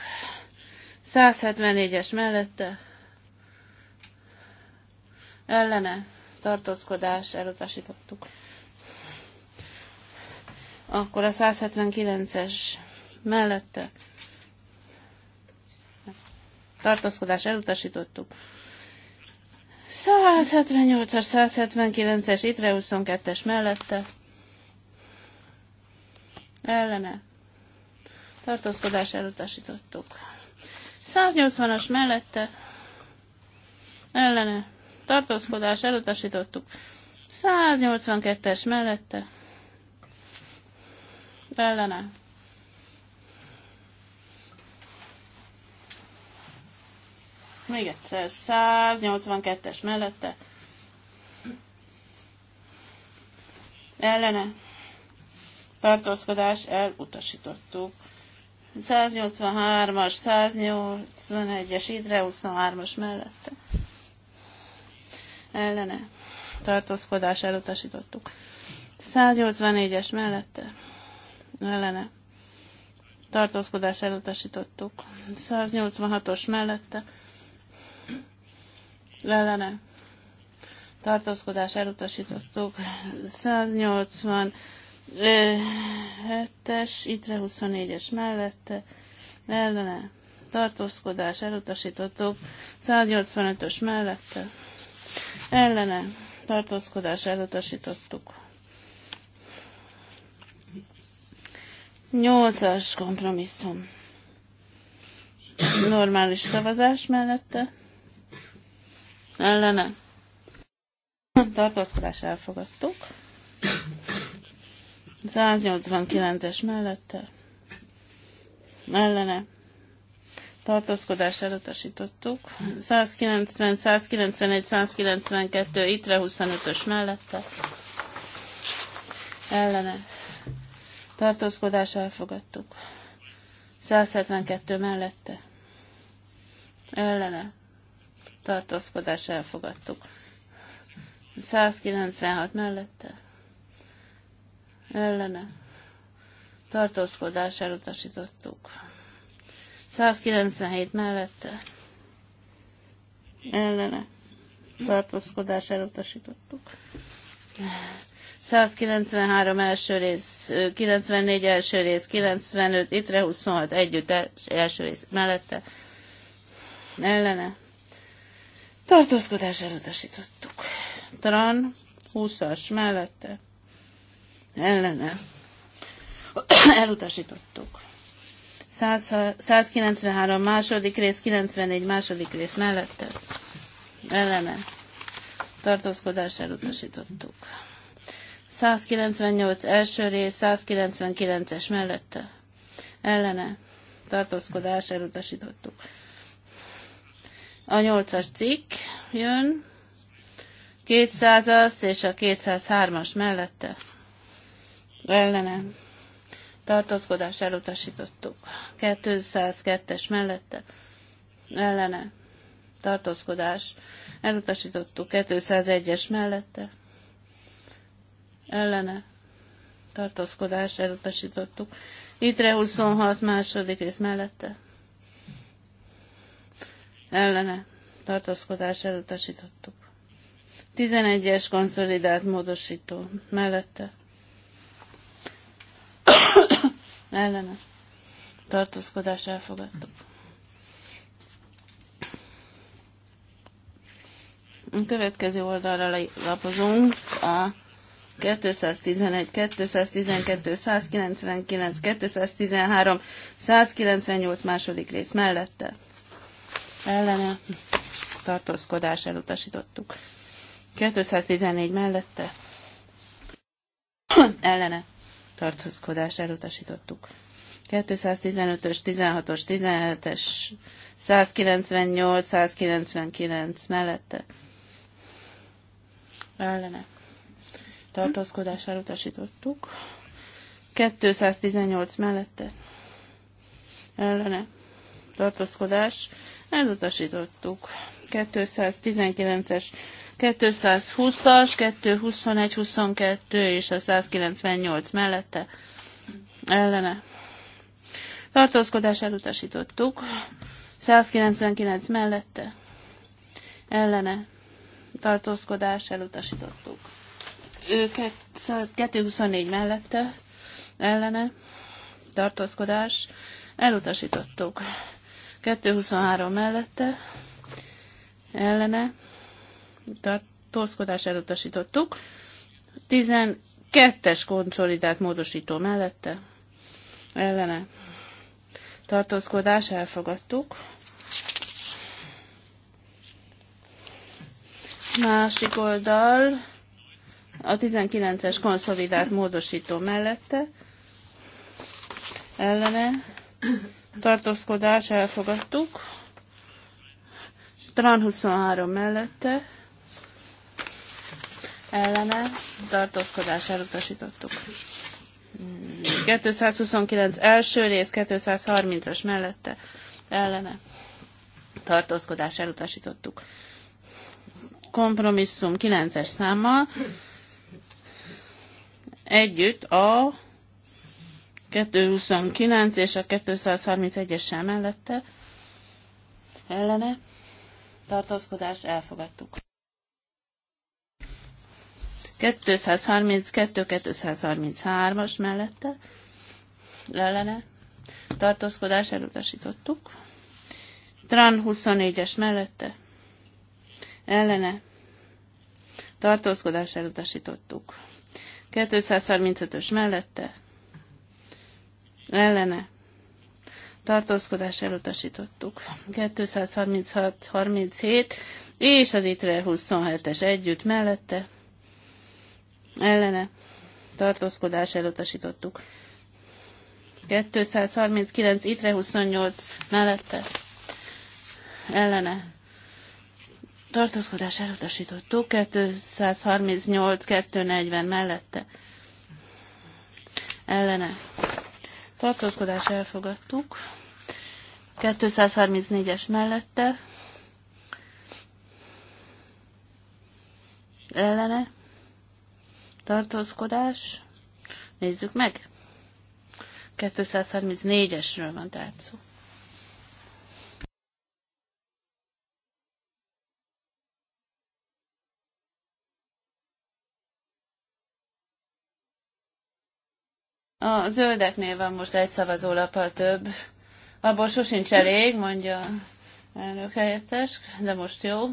174-es mellette ellene tartózkodás elutasítottuk. Akkor a 179-es mellette tartózkodás elutasítottuk. 178-as, 179-es, ITRE 22-es mellette ellene tartózkodás elutasítottuk. 180-as mellette ellene tartózkodás elutasítottuk. 182-es mellette ellene Még egyszer, 182-es mellette. Ellene tartózkodás elutasítottuk. 183-as, 181-es, idre 23-as mellette. Ellene. Tartózkodás elutasítottuk. 184-es mellette. Ellene. Tartózkodás elutasítottuk. 186-os mellette. Ellene. Tartózkodás elutasítottuk. 180 7-es, itre 24-es mellette, ellene, tartózkodás, elutasítottuk, 185-ös mellette, ellene, tartózkodás, elutasítottuk. 8-as kompromisszum. Normális szavazás mellette, ellene, tartózkodás elfogadtuk. 189-es mellette ellene tartózkodás elutasítottuk. 190, 191, 192, itre 25-ös mellette ellene tartózkodás elfogadtuk. 172 mellette ellene tartózkodás elfogadtuk. 196 mellette ellene tartózkodás elutasítottuk. 197 mellette ellene tartózkodás elutasítottuk. 193 első rész, 94 első rész, 95, itre 26 együtt első rész mellette ellene. Tartózkodás elutasítottuk. Tran 20-as mellette ellene elutasítottuk. 193 második rész, 94 második rész mellette ellene tartózkodás elutasítottuk. 198 első rész, 199-es mellette ellene tartózkodás elutasítottuk. A nyolcas cikk jön, 200-as és a 203-as mellette ellene tartózkodás elutasítottuk. 202-es mellette ellene tartózkodás elutasítottuk. 201-es mellette ellene tartózkodás elutasítottuk. Itre 26 második rész mellette ellene tartózkodás elutasítottuk. 11-es konszolidált módosító mellette ellene tartózkodás elfogadtuk. A következő oldalra lapozunk a 211, 212, 199, 213, 198 második rész mellette. Ellene tartózkodás elutasítottuk. 214 mellette. Ellene tartózkodás elutasítottuk. 215-ös, 16-os, 17-es, 198, 199 mellette. Ellene. Tartózkodás elutasítottuk. 218 mellette. Ellene. Tartózkodás elutasítottuk. 219-es 220-as, 221, 22 és a 198 mellette ellene. Tartózkodás elutasítottuk. 199 mellette ellene. Tartózkodás elutasítottuk. Őket 224 mellette ellene. Tartózkodás elutasítottuk. 223 mellette ellene tartózkodás elutasítottuk. 12-es konszolidált módosító mellette ellene tartózkodás elfogadtuk. Másik oldal a 19-es konszolidált módosító mellette ellene tartózkodás elfogadtuk. Tran 23 mellette ellene tartózkodás elutasítottuk. 229 első rész, 230-as mellette ellene tartózkodás elutasítottuk. Kompromisszum 9-es számmal együtt a 229 és a 231-essel mellette ellene tartózkodás elfogadtuk. 232-233-as mellette ellene tartózkodás elutasítottuk. Tran 24-es mellette ellene tartózkodás elutasítottuk. 235-ös mellette ellene tartózkodás elutasítottuk. 236-37 és az ITRE 27-es együtt mellette ellene tartózkodás elutasítottuk. 239 itre 28 mellette ellene tartózkodás elutasítottuk, 238 240 mellette ellene tartózkodás elfogadtuk, 234-es mellette ellene tartózkodás. Nézzük meg. 234-esről van tehát szó. A zöldeknél van most egy szavazólappal több. Abból sosincs elég, mondja elnök helyettes, de most jó.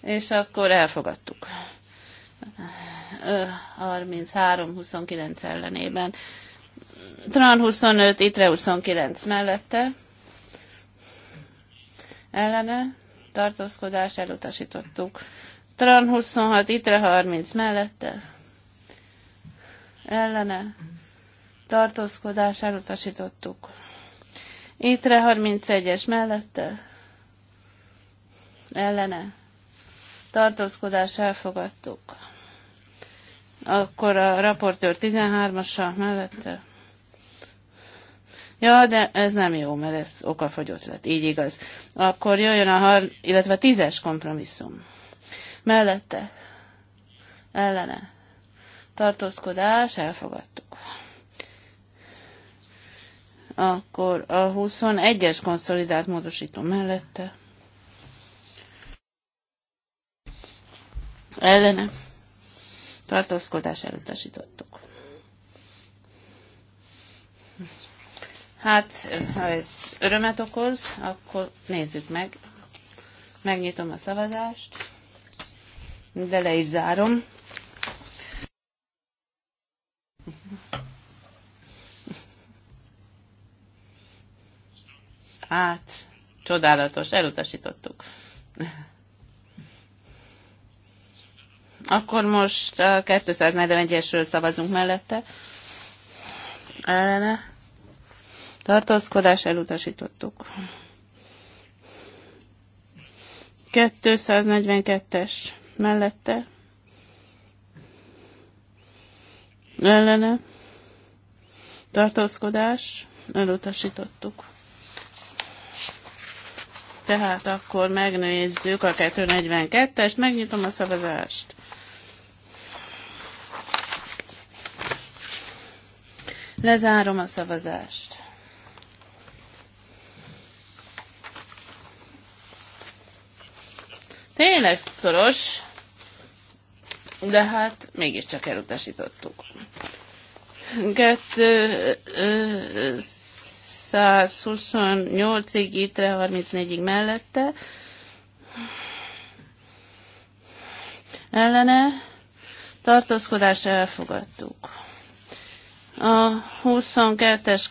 És akkor elfogadtuk. 33-29 ellenében. Tran 25, Itre 29 mellette. Ellene tartózkodás elutasítottuk. Tran 26, Itre 30 mellette. Ellene tartózkodás elutasítottuk. Itre 31-es mellette. Ellene tartózkodás elfogadtuk. Akkor a raportőr 13-asa mellette. Ja, de ez nem jó, mert ez okafogyott lett. Így igaz. Akkor jöjjön a har, illetve a tízes kompromisszum. Mellette. Ellene. Tartózkodás, elfogadtuk. Akkor a 21-es konszolidált módosító mellette. Ellene tartózkodás elutasítottuk. Hát, ha ez örömet okoz, akkor nézzük meg. Megnyitom a szavazást, de le is zárom. Hát, csodálatos, elutasítottuk. Akkor most a 241-esről szavazunk mellette. Ellene. Tartózkodás elutasítottuk. 242-es mellette. Ellene. Tartózkodás elutasítottuk. Tehát akkor megnézzük a 242-est, megnyitom a szavazást. Lezárom a szavazást. Tényleg szoros, de hát mégiscsak elutasítottuk. 128-ig, ittre 34-ig mellette. Ellene tartózkodás elfogadtuk. A 22-es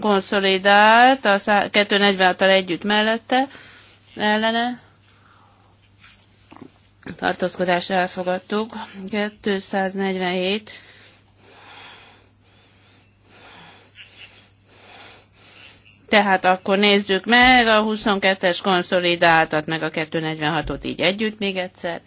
konszolidált, a 246-tal együtt mellette, ellene, tartózkodás elfogadtuk, 247, Tehát akkor nézzük meg a 22-es konszolidáltat, meg a 246-ot így együtt még egyszer.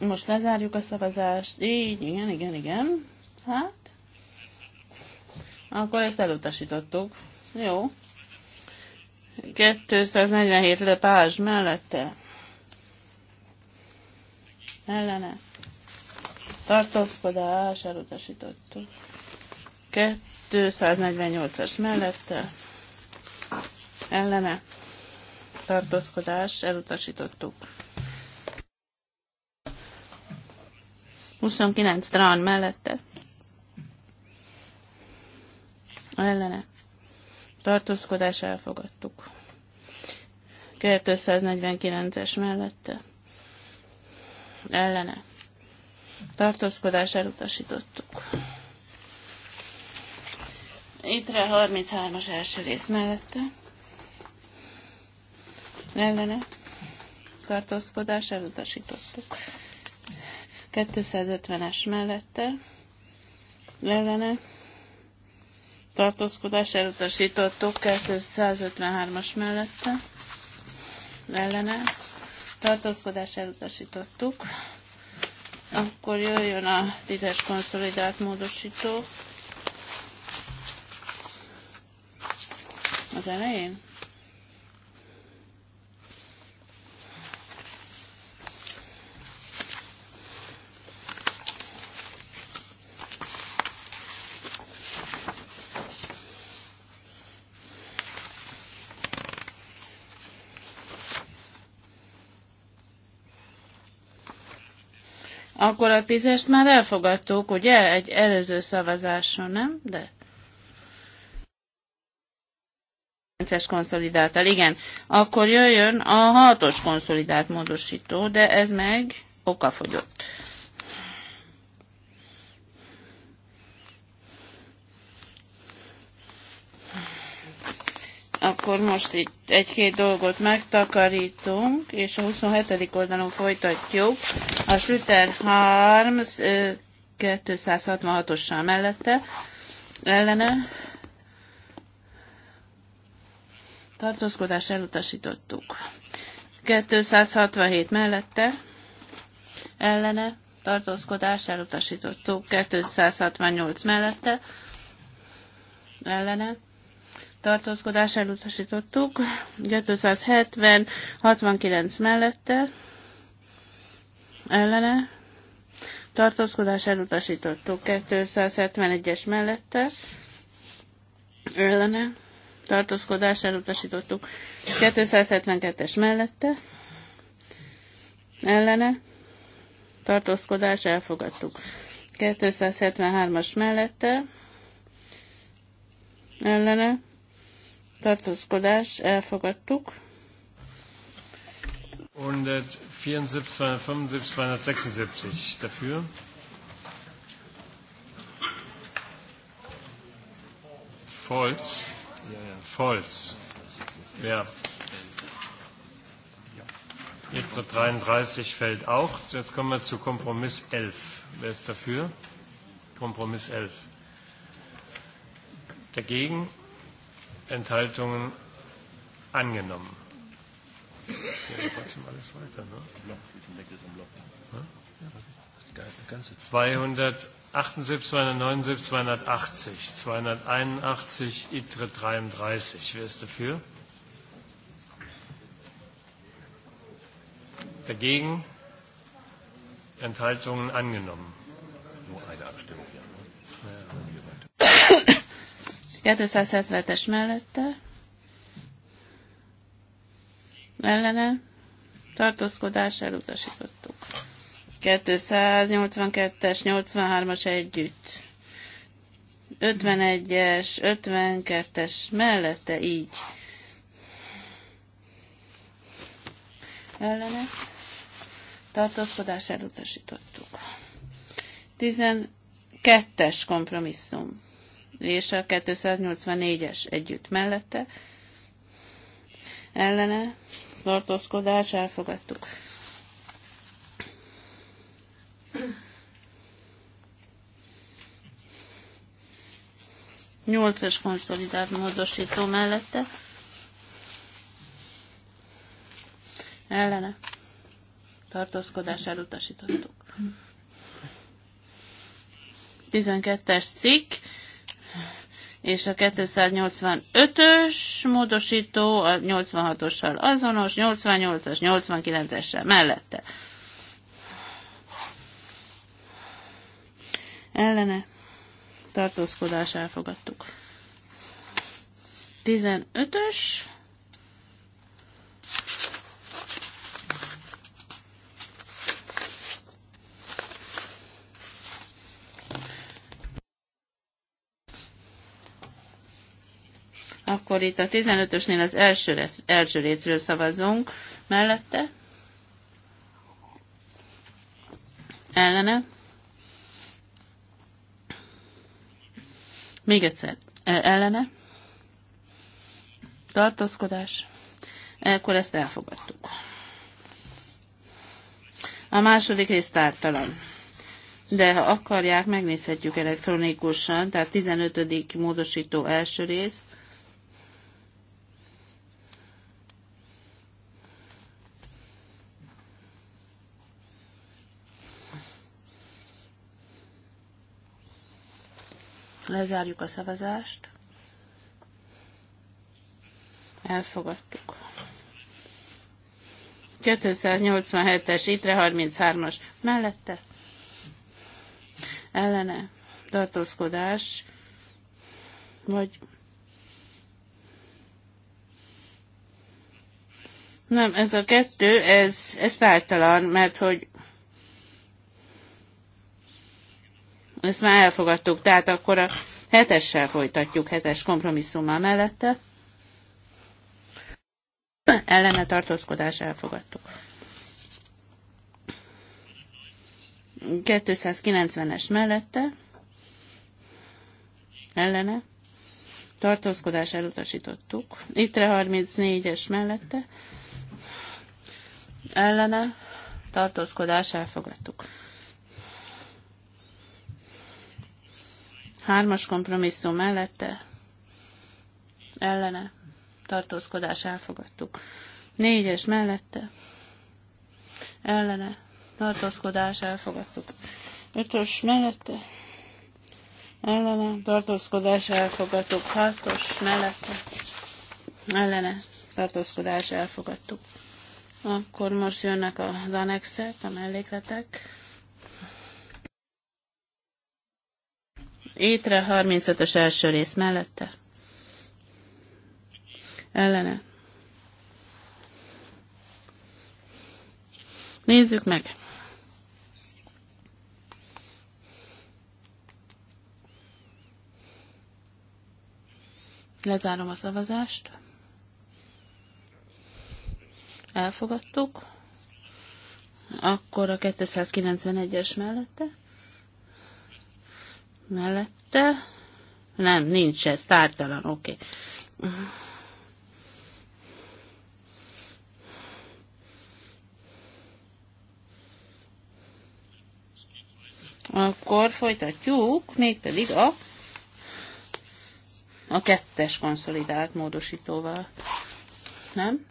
Most lezárjuk a szavazást. Így, igen, igen, igen. Hát, akkor ezt elutasítottuk. Jó. 247 lepázs mellette. Ellene. Tartózkodás, elutasítottuk. 248-as mellette. Ellene. Tartózkodás, elutasítottuk. 29 trán mellette. Ellene. Tartózkodás elfogadtuk. 249-es mellette. Ellene. Tartózkodás elutasítottuk. Ittre 33-as első rész mellette. Ellene. Tartózkodás elutasítottuk. 250-es mellette ellene tartózkodás elutasítottuk 253-as mellette ellene tartózkodás elutasítottuk akkor jöjjön a 10-es konszolidált módosító az elején Akkor a tízest már elfogadtuk, ugye? Egy előző szavazáson, nem? De... 9-es konszolidáltal, igen. Akkor jöjjön a 6-os konszolidált módosító, de ez meg okafogyott. Akkor most itt egy-két dolgot megtakarítunk, és a 27. oldalon folytatjuk. A Schlüter Harms 266-ossal mellette ellene tartózkodás elutasítottuk. 267 mellette ellene tartózkodás elutasítottuk. 268 mellette ellene tartózkodás elutasítottuk, 570, 69 mellette, ellene, tartózkodás elutasítottuk, 271-es mellette, ellene, tartózkodás elutasítottuk, 272-es mellette, ellene, tartózkodás elfogadtuk. 273-as mellette, ellene, tartózkodás elfogadtuk. 174, 275, 276 dafür. Volz. Volz. Ja. Jitra 33 fällt auch. Jetzt kommen wir zu Kompromiss 11. Wer ist dafür? Kompromiss 11. Dagegen? Enthaltungen angenommen. trotzdem alles weiter, ne? 278, 279, 280, 281, ITRE 33. Wer ist dafür? Dagegen? Enthaltungen angenommen. Nur eine Abstimmung, ja. ja. 277-es mellette ellene tartózkodás elutasítottuk. 282-es, 83-as együtt. 51-es, 52-es mellette így. Ellene tartózkodás elutasítottuk. 12-es kompromisszum és a 284-es együtt mellette ellene tartózkodás elfogadtuk. Nyolcas konszolidált módosító mellette ellene tartózkodás elutasítottuk. 12-es cikk, és a 285-ös módosító a 86-ossal azonos, 88-as, 89-essel mellette. Ellene tartózkodás elfogadtuk. 15-ös Akkor itt a 15-ösnél az első, első részről szavazunk. Mellette? Ellene? Még egyszer. E, ellene? Tartózkodás? Ekkor ezt elfogadtuk. A második rész tártalan. De ha akarják, megnézhetjük elektronikusan, tehát 15. módosító első rész. Lezárjuk a szavazást. Elfogadtuk. 287-es, itre 33-as, mellette. Ellene tartózkodás, vagy nem, ez a kettő, ez, ez általan, mert hogy Ezt már elfogadtuk, tehát akkor a hetessel folytatjuk, hetes kompromisszummal mellette. Ellene tartózkodás elfogadtuk. 290-es mellette. Ellene. Tartózkodás elutasítottuk. Ittre 34-es mellette. Ellene. Tartózkodás elfogadtuk. Hármas kompromisszum mellette ellene tartózkodás elfogadtuk. Négyes mellette ellene tartózkodás elfogadtuk. Ötös mellette ellene tartózkodás elfogadtuk. Hatos mellette ellene tartózkodás elfogadtuk. Akkor most jönnek az annexek, a mellékletek. Étre 35-ös első rész mellette. Ellene. Nézzük meg. Lezárom a szavazást. Elfogadtuk. Akkor a 291-es mellette mellette. Nem, nincs ez, tártalan, oké. Okay. Akkor folytatjuk, mégpedig a, a kettes konszolidált módosítóval. Nem?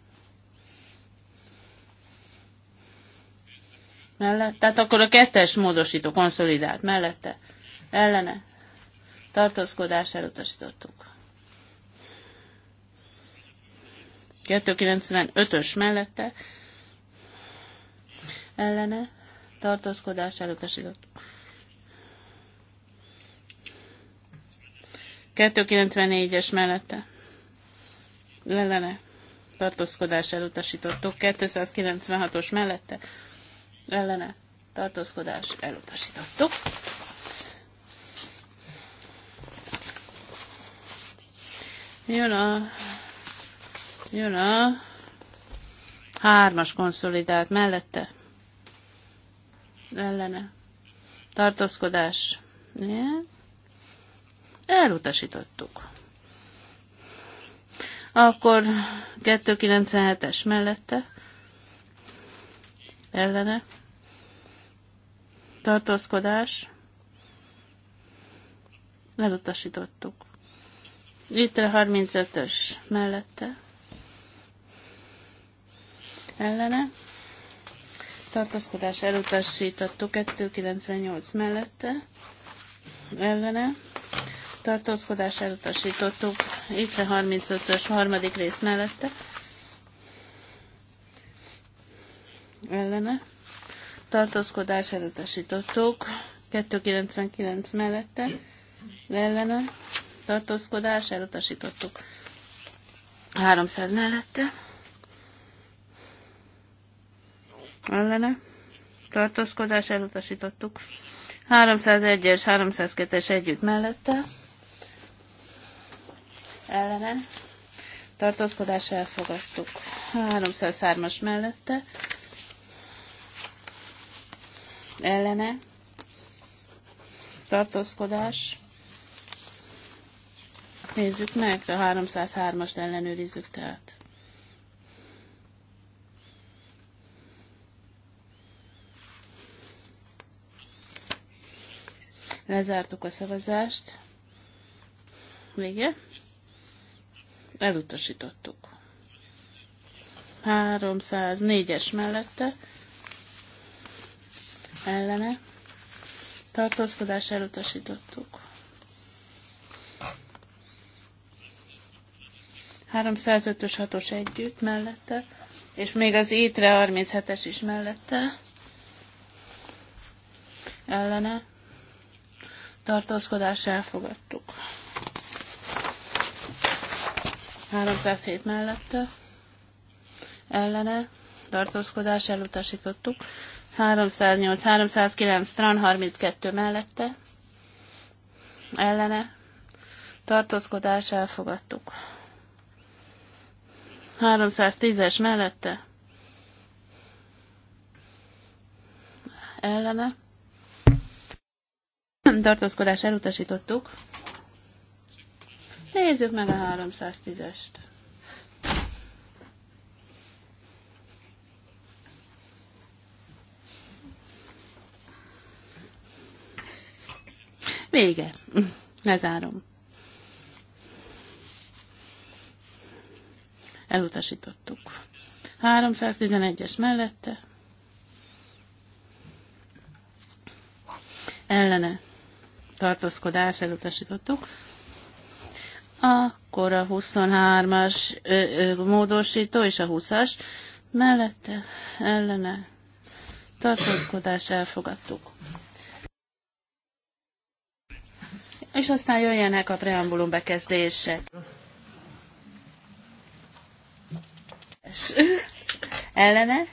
Mellett, tehát akkor a kettes módosító konszolidált mellette ellene tartózkodás elutasítottuk. 295-ös mellette ellene tartózkodás elutasítottuk. 294-es mellette ellene tartózkodás elutasítottuk. 296-os mellette ellene tartózkodás elutasítottuk. Jön a, jön a hármas konszolidált mellette. Ellene. Tartózkodás. Yeah. Elutasítottuk. Akkor 297-es mellette. Ellene. Tartózkodás. Elutasítottuk. Itt 35-ös mellette. Ellene. Tartózkodás elutasítottuk 298 mellette. Ellene. Tartózkodás elutasítottuk itt a 35-ös harmadik rész mellette. Ellene. Tartózkodás elutasítottuk 299 mellette. Ellene tartózkodás, elutasítottuk. 300 mellette. Ellene. Tartózkodás, elutasítottuk. 301-es, 302-es együtt mellette. Ellene. Tartózkodás, elfogadtuk. 303-as mellette. Ellene. Tartózkodás, Nézzük meg, a 303-ast ellenőrizzük tehát. Lezártuk a szavazást. Vége. Elutasítottuk. 304-es mellette ellene tartózkodás elutasítottuk. 305-ös 6-os együtt mellette, és még az étre 37-es is mellette ellene tartózkodás elfogadtuk. 307 mellette ellene tartózkodás elutasítottuk. 308, 309, tran 32 mellette ellene tartózkodás elfogadtuk. 310-es mellette ellene. Tartózkodás elutasítottuk. Nézzük meg a 310-est. Vége. Lezárom. elutasítottuk. 311-es mellette, ellene tartózkodás elutasítottuk. Akkor a 23-as módosító és a 20-as mellette ellene tartózkodás elfogadtuk. És aztán jöjjenek a preambulum bekezdések. ellene.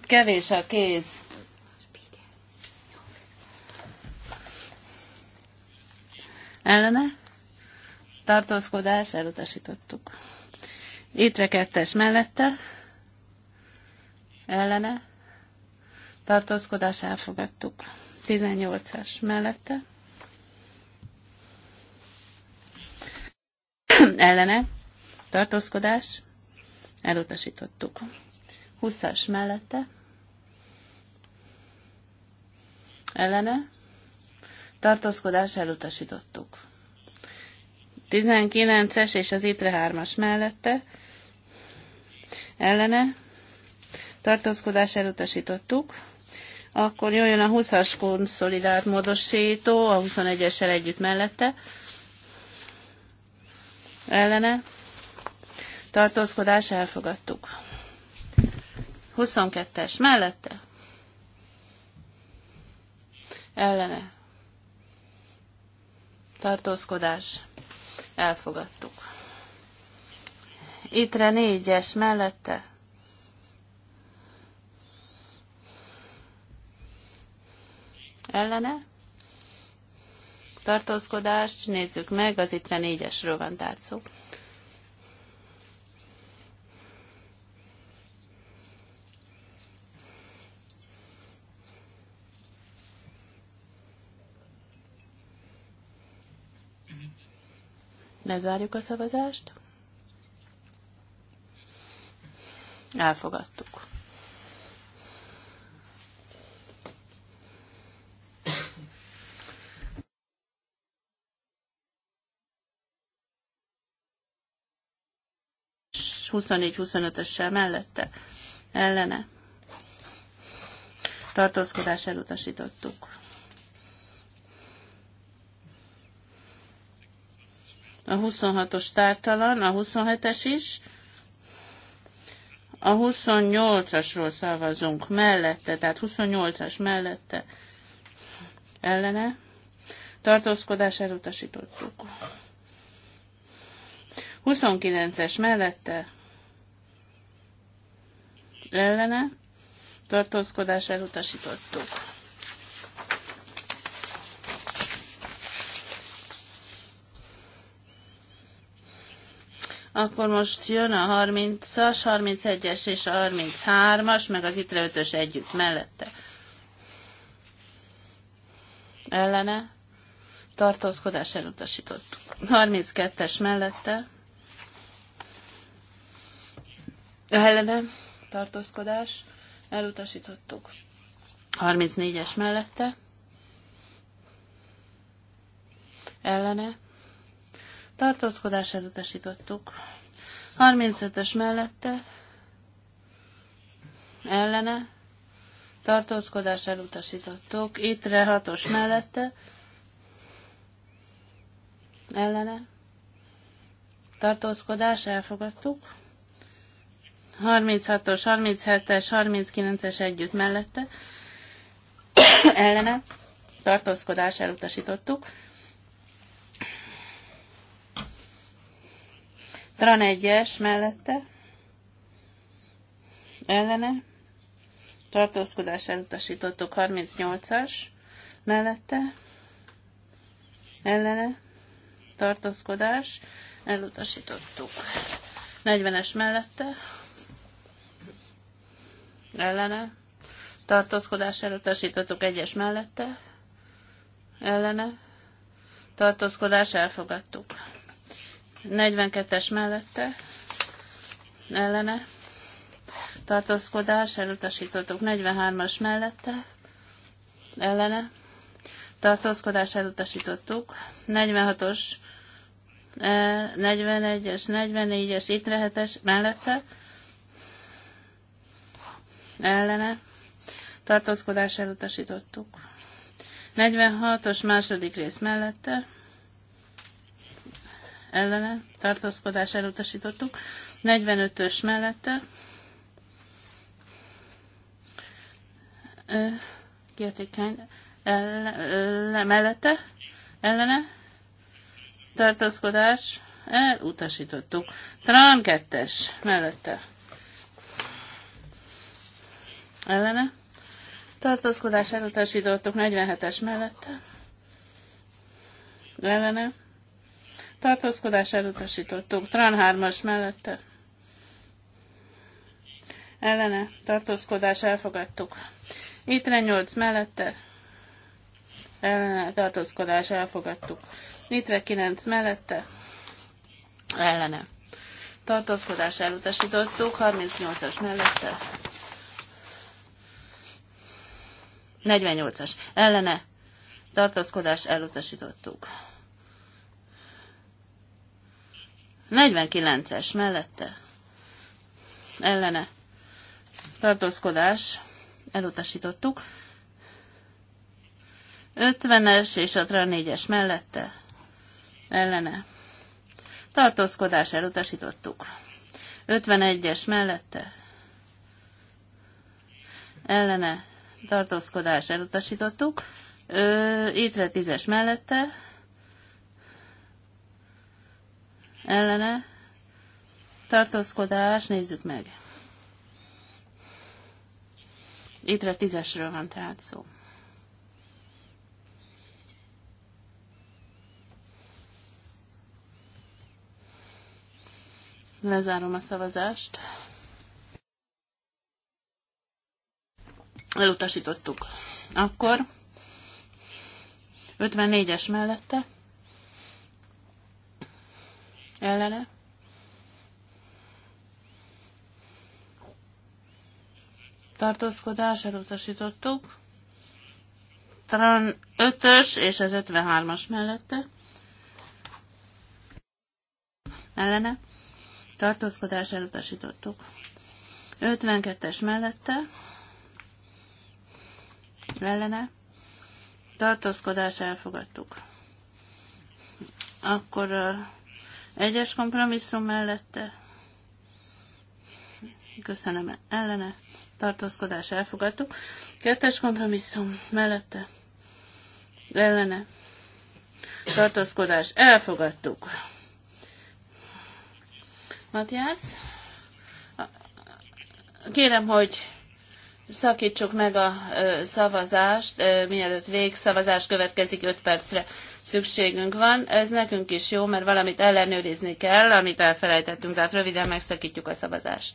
Kevés a kéz. Ellene? Tartózkodás, elutasítottuk. Étre kettes mellette. Ellene? Tartózkodás, elfogadtuk. 18-as mellette. Ellene. Tartózkodás. Elutasítottuk. 20-as mellette. Ellene. Tartózkodás elutasítottuk. 19-es és az ITRE 3-as mellette. Ellene. Tartózkodás elutasítottuk. Akkor jöjjön a 20-as konszolidált módosító, a 21-essel együtt mellette. Ellene. Tartózkodás elfogadtuk. 22-es mellette. Ellene. Tartózkodás elfogadtuk. Itre 4-es mellette ellene. Tartózkodást nézzük meg, az a négyesről van tehát szó. Lezárjuk a szavazást. Elfogadtuk. 24-25-össel mellette ellene tartózkodás elutasítottuk. A 26-os tártalan, a 27-es is. A 28-asról szavazunk mellette, tehát 28-as mellette ellene. Tartózkodás elutasítottuk. 29-es mellette ellene tartózkodás elutasítottuk. Akkor most jön a 30-as, 31-es és a 33-as, meg az itre 5-ös együtt mellette. Ellene tartózkodás elutasítottuk. 32-es mellette. Ellene tartózkodás, elutasítottuk. 34-es mellette, ellene, tartózkodás elutasítottuk. 35-ös mellette, ellene, tartózkodás elutasítottuk. Ittre 6-os mellette, ellene, tartózkodás elfogadtuk. 36-os, 37-es, 39-es együtt mellette. Ellene tartózkodás elutasítottuk. Tran 1-es mellette. Ellene tartózkodás elutasítottuk 38-as mellette. Ellene tartózkodás elutasítottuk. 40-es mellette ellene, tartózkodás elutasítottuk egyes mellette, ellene, tartózkodás elfogadtuk. 42-es mellette, ellene, tartózkodás elutasítottuk. 43-as mellette, ellene, tartózkodás elutasítottuk. 46-os, 41-es, 44-es, itt lehetes mellette, ellene, tartózkodás elutasítottuk. 46-os második rész mellette, ellene, tartózkodás elutasítottuk. 45-ös mellette, kértékeny ellene, mellette, ellene, tartózkodás, elutasítottuk. Tran 2 mellette, ellene. Tartózkodás elutasítottuk 47-es mellette. Ellene. Tartózkodás elutasítottuk. Tran 3-as mellette. Ellene. Tartózkodás elfogadtuk. Itre 8 mellette. Ellene. Tartózkodás elfogadtuk. Itre 9 mellette. Ellene. Tartózkodás elutasítottuk. 38-as mellette 48-as ellene tartózkodás elutasítottuk. 49-es mellette ellene tartózkodás elutasítottuk. 50-es és a 4-es mellette ellene tartózkodás elutasítottuk. 51-es mellette ellene tartózkodás elutasítottuk. Ö, étre tízes mellette, ellene, tartózkodás, nézzük meg. Étre tízesről van tehát szó. Lezárom a szavazást. elutasítottuk. Akkor 54-es mellette ellene tartózkodás elutasítottuk. Talán 5-ös és az 53-as mellette ellene tartózkodás elutasítottuk. 52-es mellette ellene tartózkodás elfogadtuk. Akkor a egyes kompromisszum mellette köszönöm ellene tartózkodás elfogadtuk. Kettes kompromisszum mellette ellene tartózkodás elfogadtuk. Matthias, kérem, hogy szakítsuk meg a szavazást, mielőtt végszavazás következik, 5 percre szükségünk van. Ez nekünk is jó, mert valamit ellenőrizni kell, amit elfelejtettünk, tehát röviden megszakítjuk a szavazást.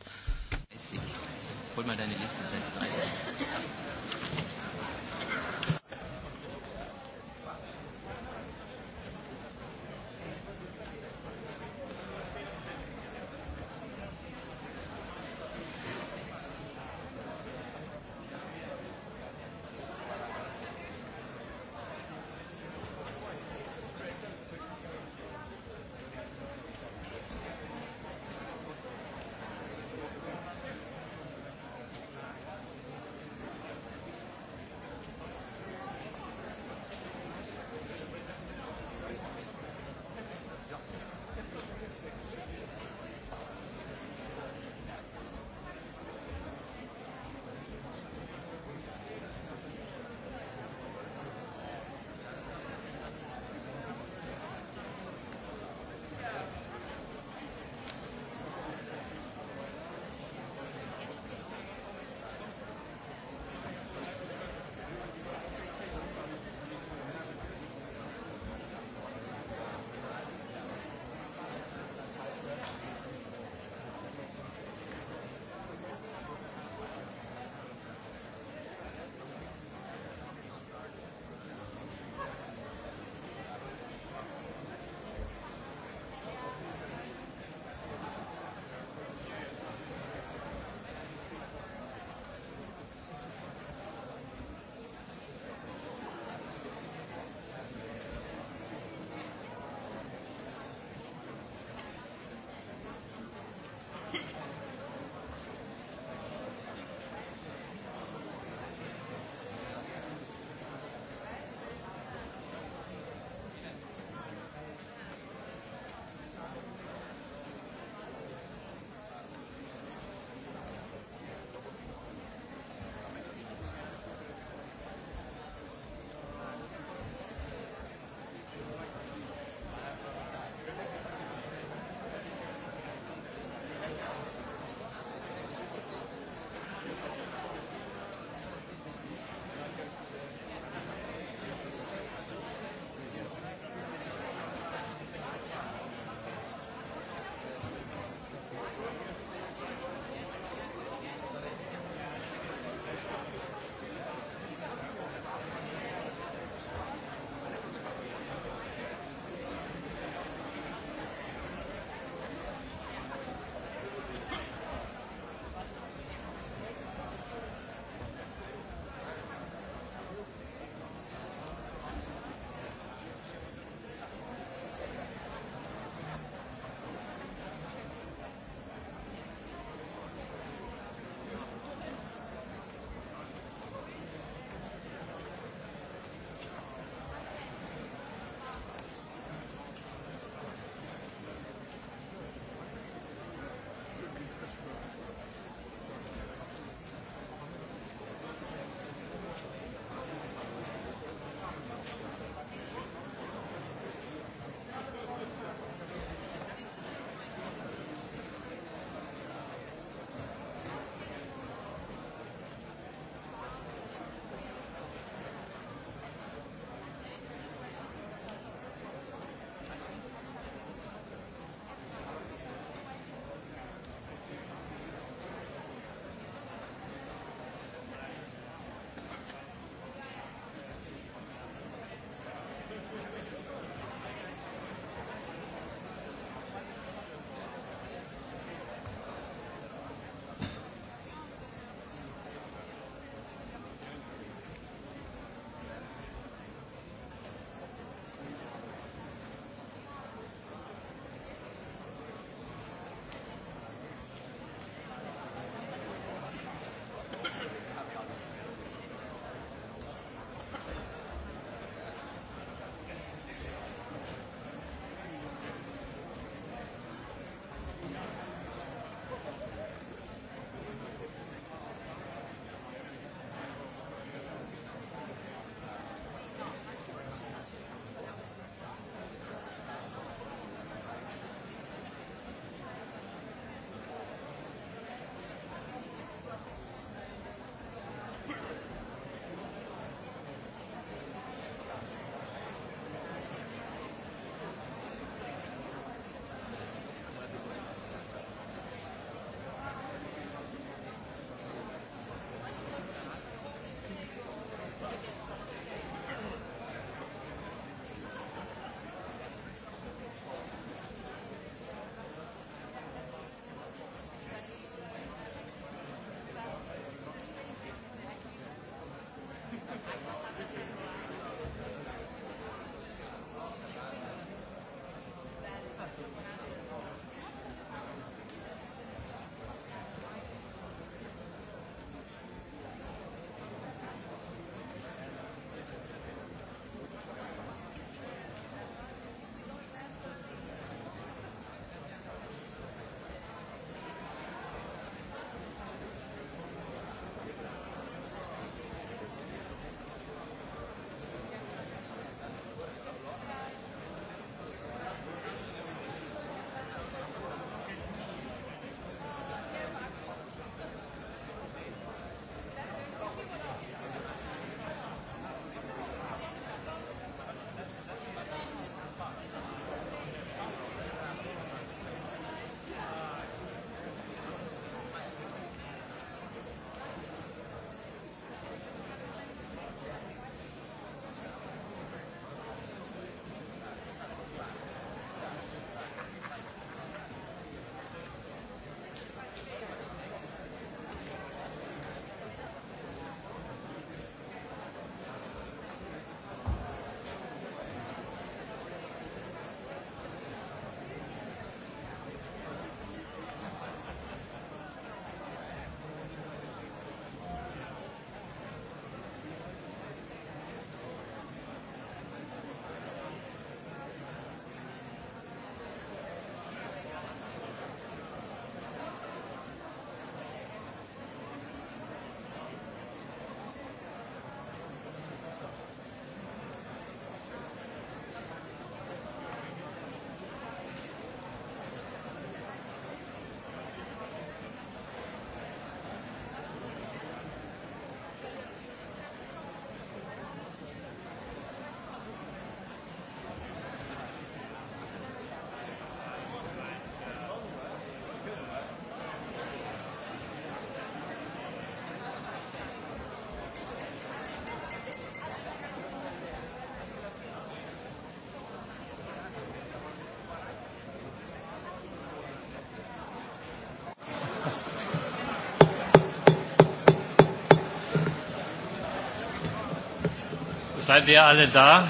Seid ihr alle da?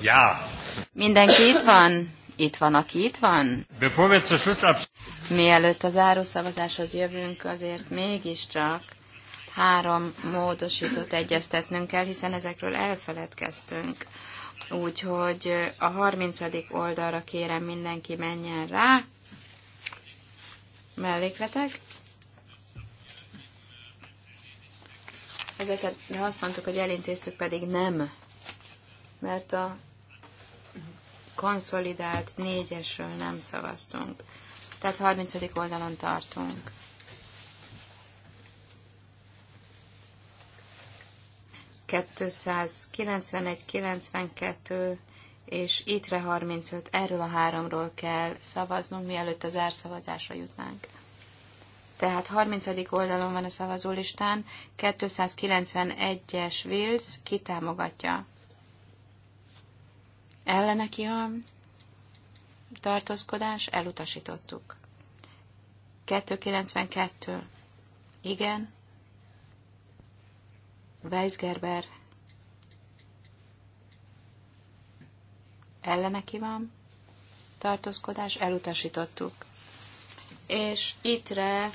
Ja. Mindenki itt van? Itt van, aki itt van? Bevor wir zur Mielőtt a zárószavazáshoz jövünk, azért mégiscsak három módosítót egyeztetnünk kell, hiszen ezekről elfeledkeztünk. Úgyhogy a 30. oldalra kérem mindenki menjen rá. Mellékletek? Ezeket azt mondtuk, hogy elintéztük, pedig nem. Mert a konszolidált négyesről nem szavaztunk. Tehát 30. oldalon tartunk. kettő és ITRE 35, erről a háromról kell szavaznunk, mielőtt az árszavazásra jutnánk. Tehát 30. oldalon van a szavazólistán, 291-es Wills kitámogatja. Ellene ki a tartózkodás, elutasítottuk. 292. Igen. Weisgerber. Ellene ki van. Tartózkodás, elutasítottuk. És ittre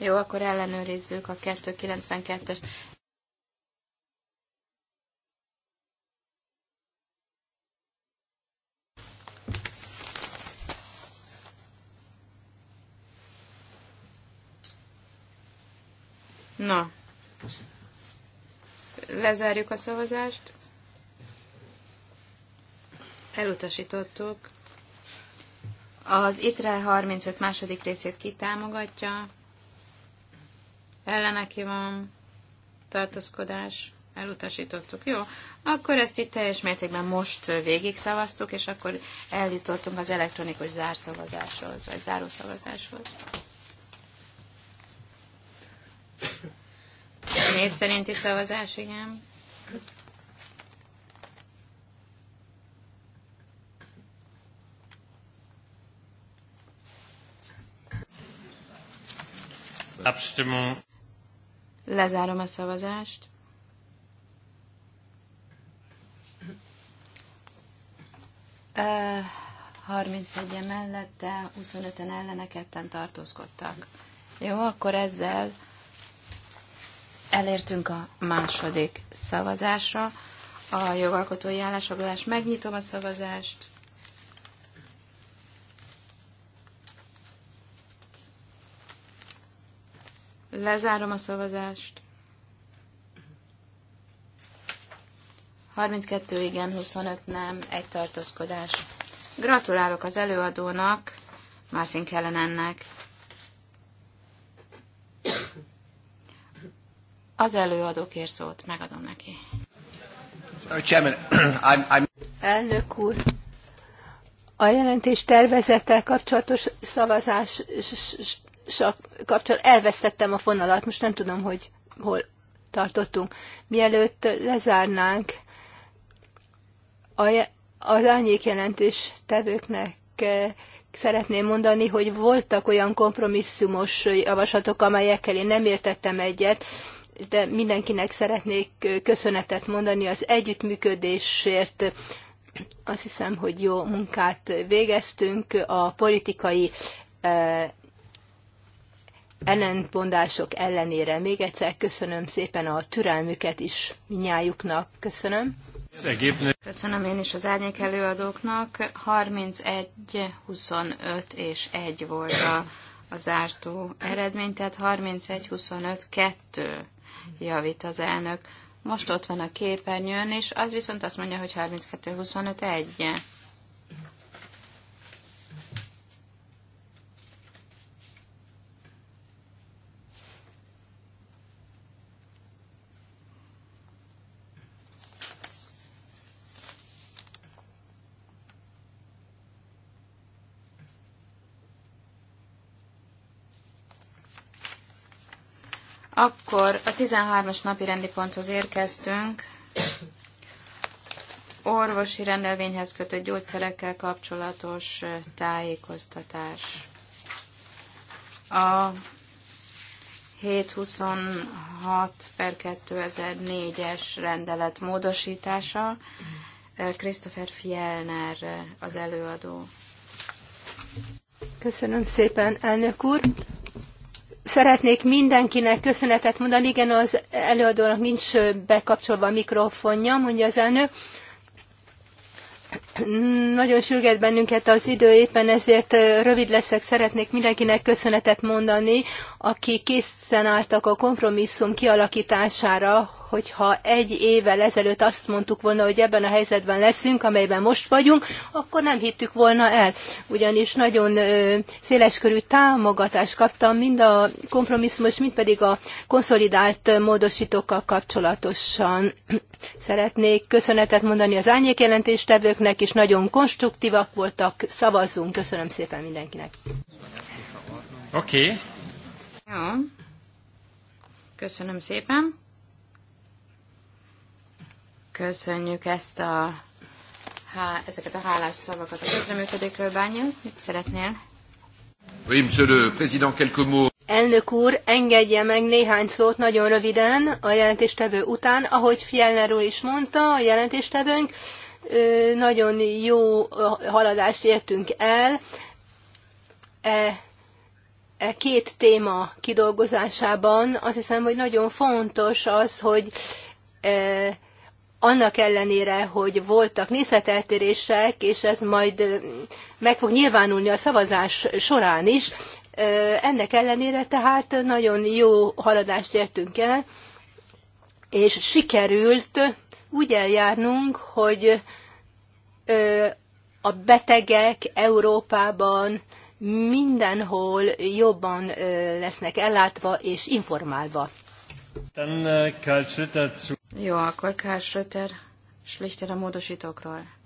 jó, akkor ellenőrizzük a 292-es. Na, lezárjuk a szavazást. Elutasítottuk. Az ITRE 35 második részét kitámogatja. Elleneki van tartózkodás, elutasítottuk, jó? Akkor ezt itt teljes mértékben most végig szavaztuk, és akkor eljutottunk az elektronikus zárszavazáshoz, vagy zárószavazáshoz. Név szerinti szavazás, igen. Abstimmung. Lezárom a szavazást. Uh, 31 mellette, 25-en ellene ketten tartózkodtak. Jó, akkor ezzel elértünk a második szavazásra. A jogalkotói állásfoglalás megnyitom a szavazást. Lezárom a szavazást. 32 igen, 25 nem, egy tartózkodás. Gratulálok az előadónak, Martin ennek. Az előadó kér szót, megadom neki. Elnök úr, a jelentés tervezettel kapcsolatos szavazás kapcsolatban elvesztettem a fonalat, most nem tudom, hogy hol tartottunk. Mielőtt lezárnánk, a, az ányék jelentés tevőknek eh, szeretném mondani, hogy voltak olyan kompromisszumos javaslatok, amelyekkel én nem értettem egyet, de mindenkinek szeretnék eh, köszönetet mondani az együttműködésért. Azt hiszem, hogy jó munkát végeztünk a politikai eh, ellentmondások ellenére. Még egyszer köszönöm szépen a türelmüket is minnyájuknak. Köszönöm. Köszönöm én is az árnyék előadóknak. 31, 25 és 1 volt a, a zártó eredmény, tehát 31, 25, 2 javít az elnök. Most ott van a képernyőn, és az viszont azt mondja, hogy 32, 25, 1. Akkor a 13-as napi rendi ponthoz érkeztünk. Orvosi rendelvényhez kötött gyógyszerekkel kapcsolatos tájékoztatás. A 726 per 2004-es rendelet módosítása. Christopher Fielner az előadó. Köszönöm szépen, elnök úr! szeretnék mindenkinek köszönetet mondani. Igen, az előadónak nincs bekapcsolva a mikrofonja, mondja az elnök. Nagyon sürget bennünket az idő, éppen ezért rövid leszek, szeretnék mindenkinek köszönetet mondani, aki készen álltak a kompromisszum kialakítására, hogyha egy évvel ezelőtt azt mondtuk volna, hogy ebben a helyzetben leszünk, amelyben most vagyunk, akkor nem hittük volna el. Ugyanis nagyon széleskörű támogatást kaptam mind a kompromisszumos, mind pedig a konszolidált módosítókkal kapcsolatosan. Szeretnék köszönetet mondani az árnyékjelentéstevőknek, és nagyon konstruktívak voltak. Szavazzunk. Köszönöm szépen mindenkinek. Oké. Okay. Ja. Köszönöm szépen. Köszönjük ezt a, há, ezeket a hálás szavakat a közreműködőkről, Bányó. Mit szeretnél? Oui, monsieur le président, quelques mots. Elnök úr, engedje meg néhány szót nagyon röviden a jelentéstevő után. Ahogy Fjellner úr is mondta, a jelentéstevőnk nagyon jó haladást értünk el. E, e két téma kidolgozásában azt hiszem, hogy nagyon fontos az, hogy e, annak ellenére, hogy voltak nézeteltérések, és ez majd meg fog nyilvánulni a szavazás során is. Ennek ellenére tehát nagyon jó haladást értünk el, és sikerült úgy eljárnunk, hogy a betegek Európában mindenhol jobban lesznek ellátva és informálva. Äh, Jó, akkor Karl Schröter, Schlichter a módosítókról.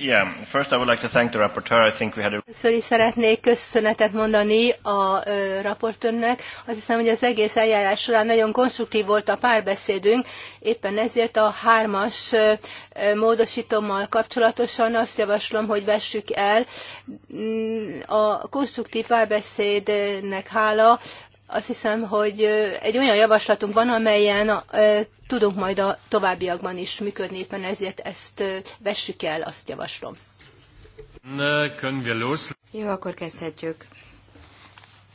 Yeah, first I would like to thank the rapporteur. I think we had a... Sorry, is szeretnék köszönetet mondani a ö, raportőrnek. Azt hiszem, hogy az egész eljárás során nagyon konstruktív volt a párbeszédünk. Éppen ezért a hármas ö, módosítommal kapcsolatosan azt javaslom, hogy vessük el. Mm, a konstruktív párbeszédnek hála azt hiszem, hogy egy olyan javaslatunk van, amelyen tudunk majd a továbbiakban is működni, éppen ezért ezt vessük el, azt javaslom. Jó, akkor kezdhetjük.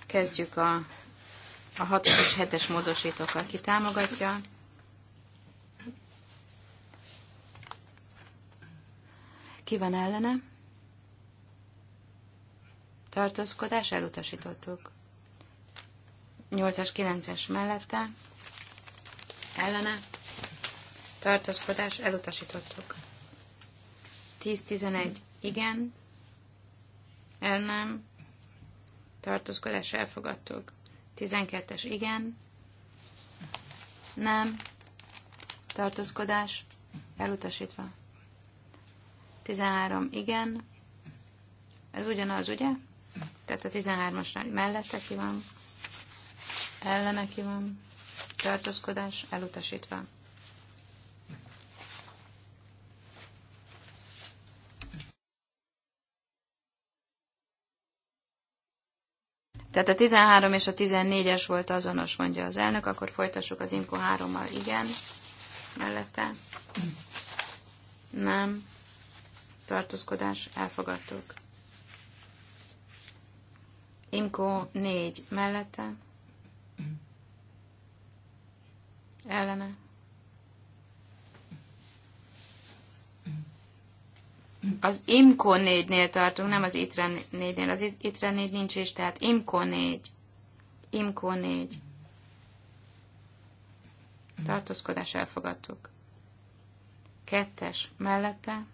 Kezdjük a, a 6 és 7-es módosítókkal. Ki támogatja? Ki van ellene? Tartózkodás elutasítottuk. 8-as, 9-es mellette ellene tartózkodás elutasítottuk. 10-11 igen, el nem, tartózkodás elfogadtuk. 12-es igen, nem, tartózkodás elutasítva. 13 igen, ez ugyanaz, ugye? Tehát a 13-as mellette ki van ellene ki van, tartózkodás elutasítva. Tehát a 13 és a 14-es volt azonos, mondja az elnök, akkor folytassuk az Imko 3-mal. Igen, mellette. Nem. Tartózkodás, elfogadtuk. Imko 4 mellette. ellene. Az IMCO 4-nél tartunk, nem az ITRE 4-nél. Az ITRE 4 nincs is, tehát IMCO 4. IMCO 4. Tartózkodás elfogadtuk. Kettes mellette.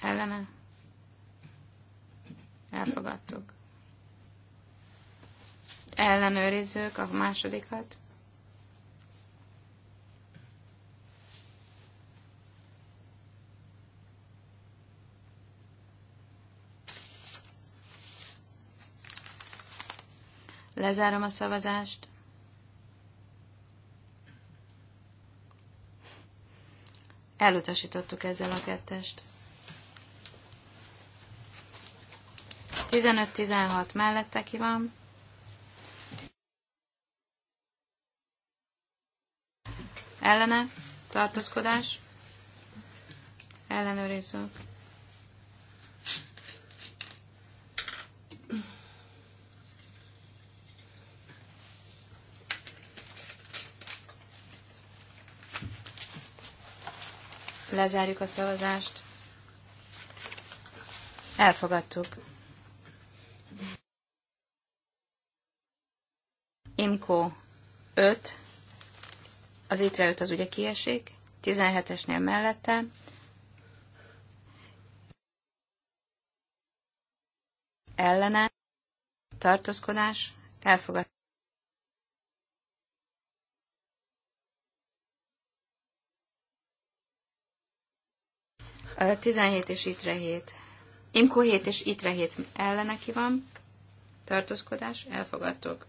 Ellene. Elfogadtuk. Ellenőrizzük a másodikat. Lezárom a szavazást. Elutasítottuk ezzel a kettest. 15-16 mellette ki van. Ellene, tartózkodás, ellenőrizzük. Lezárjuk a szavazást. Elfogadtuk. Imko 5, az ITRE 5 az ugye kiesik, 17-esnél mellette. Ellene, tartózkodás, elfogadt. 17 és itre 7. Imko 7 és itre 7 ellene ki van. Tartózkodás, elfogadtok.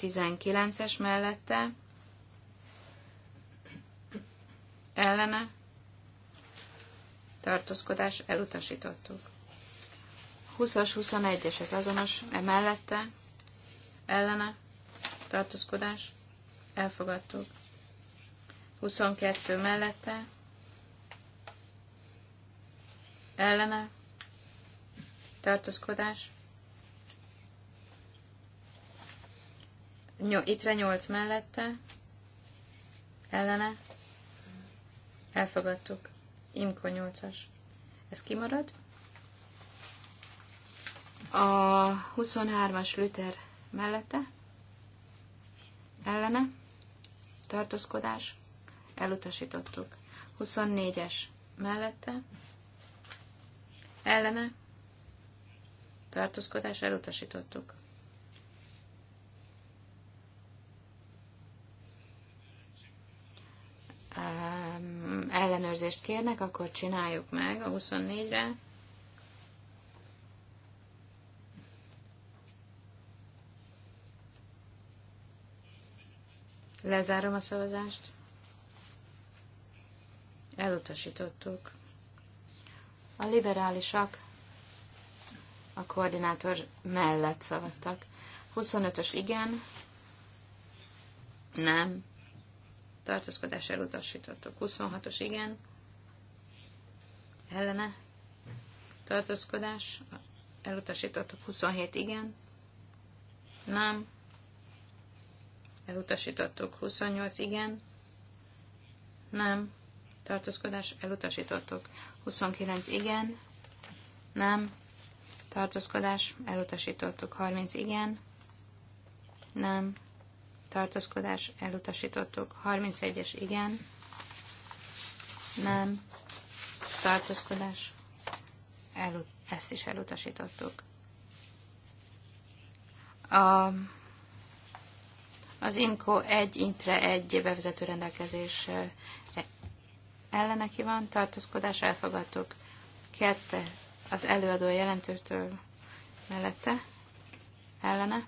19-es mellette. Ellene. Tartózkodás, elutasítottuk. 20-as, 21-es, ez azonos, e mellette. Ellene. Tartózkodás, elfogadtuk. 22 mellette ellene tartózkodás. Ittre nyolc mellette ellene elfogadtuk. Imko nyolcas. Ez kimarad. A 23-as Luther mellette ellene tartózkodás elutasítottuk. 24-es mellette ellene tartózkodás elutasítottuk. ellenőrzést kérnek, akkor csináljuk meg a 24-re. Lezárom a szavazást. Elutasítottuk. A liberálisak a koordinátor mellett szavaztak. 25-ös igen, nem, tartózkodás elutasítottuk. 26-os igen, ellene, tartózkodás elutasítottuk. 27 igen, nem, elutasítottuk. 28 igen, nem, tartózkodás elutasítottuk. 29 igen, nem, tartózkodás elutasítottuk. 30 igen, nem, tartózkodás elutasítottuk. 31-es igen, nem, tartózkodás elut- ezt is elutasítottuk. A, az INCO 1, INTRE 1 bevezető rendelkezés ellene ki van, tartózkodás elfogadtuk. Kette az előadó jelentőstől mellette, ellene,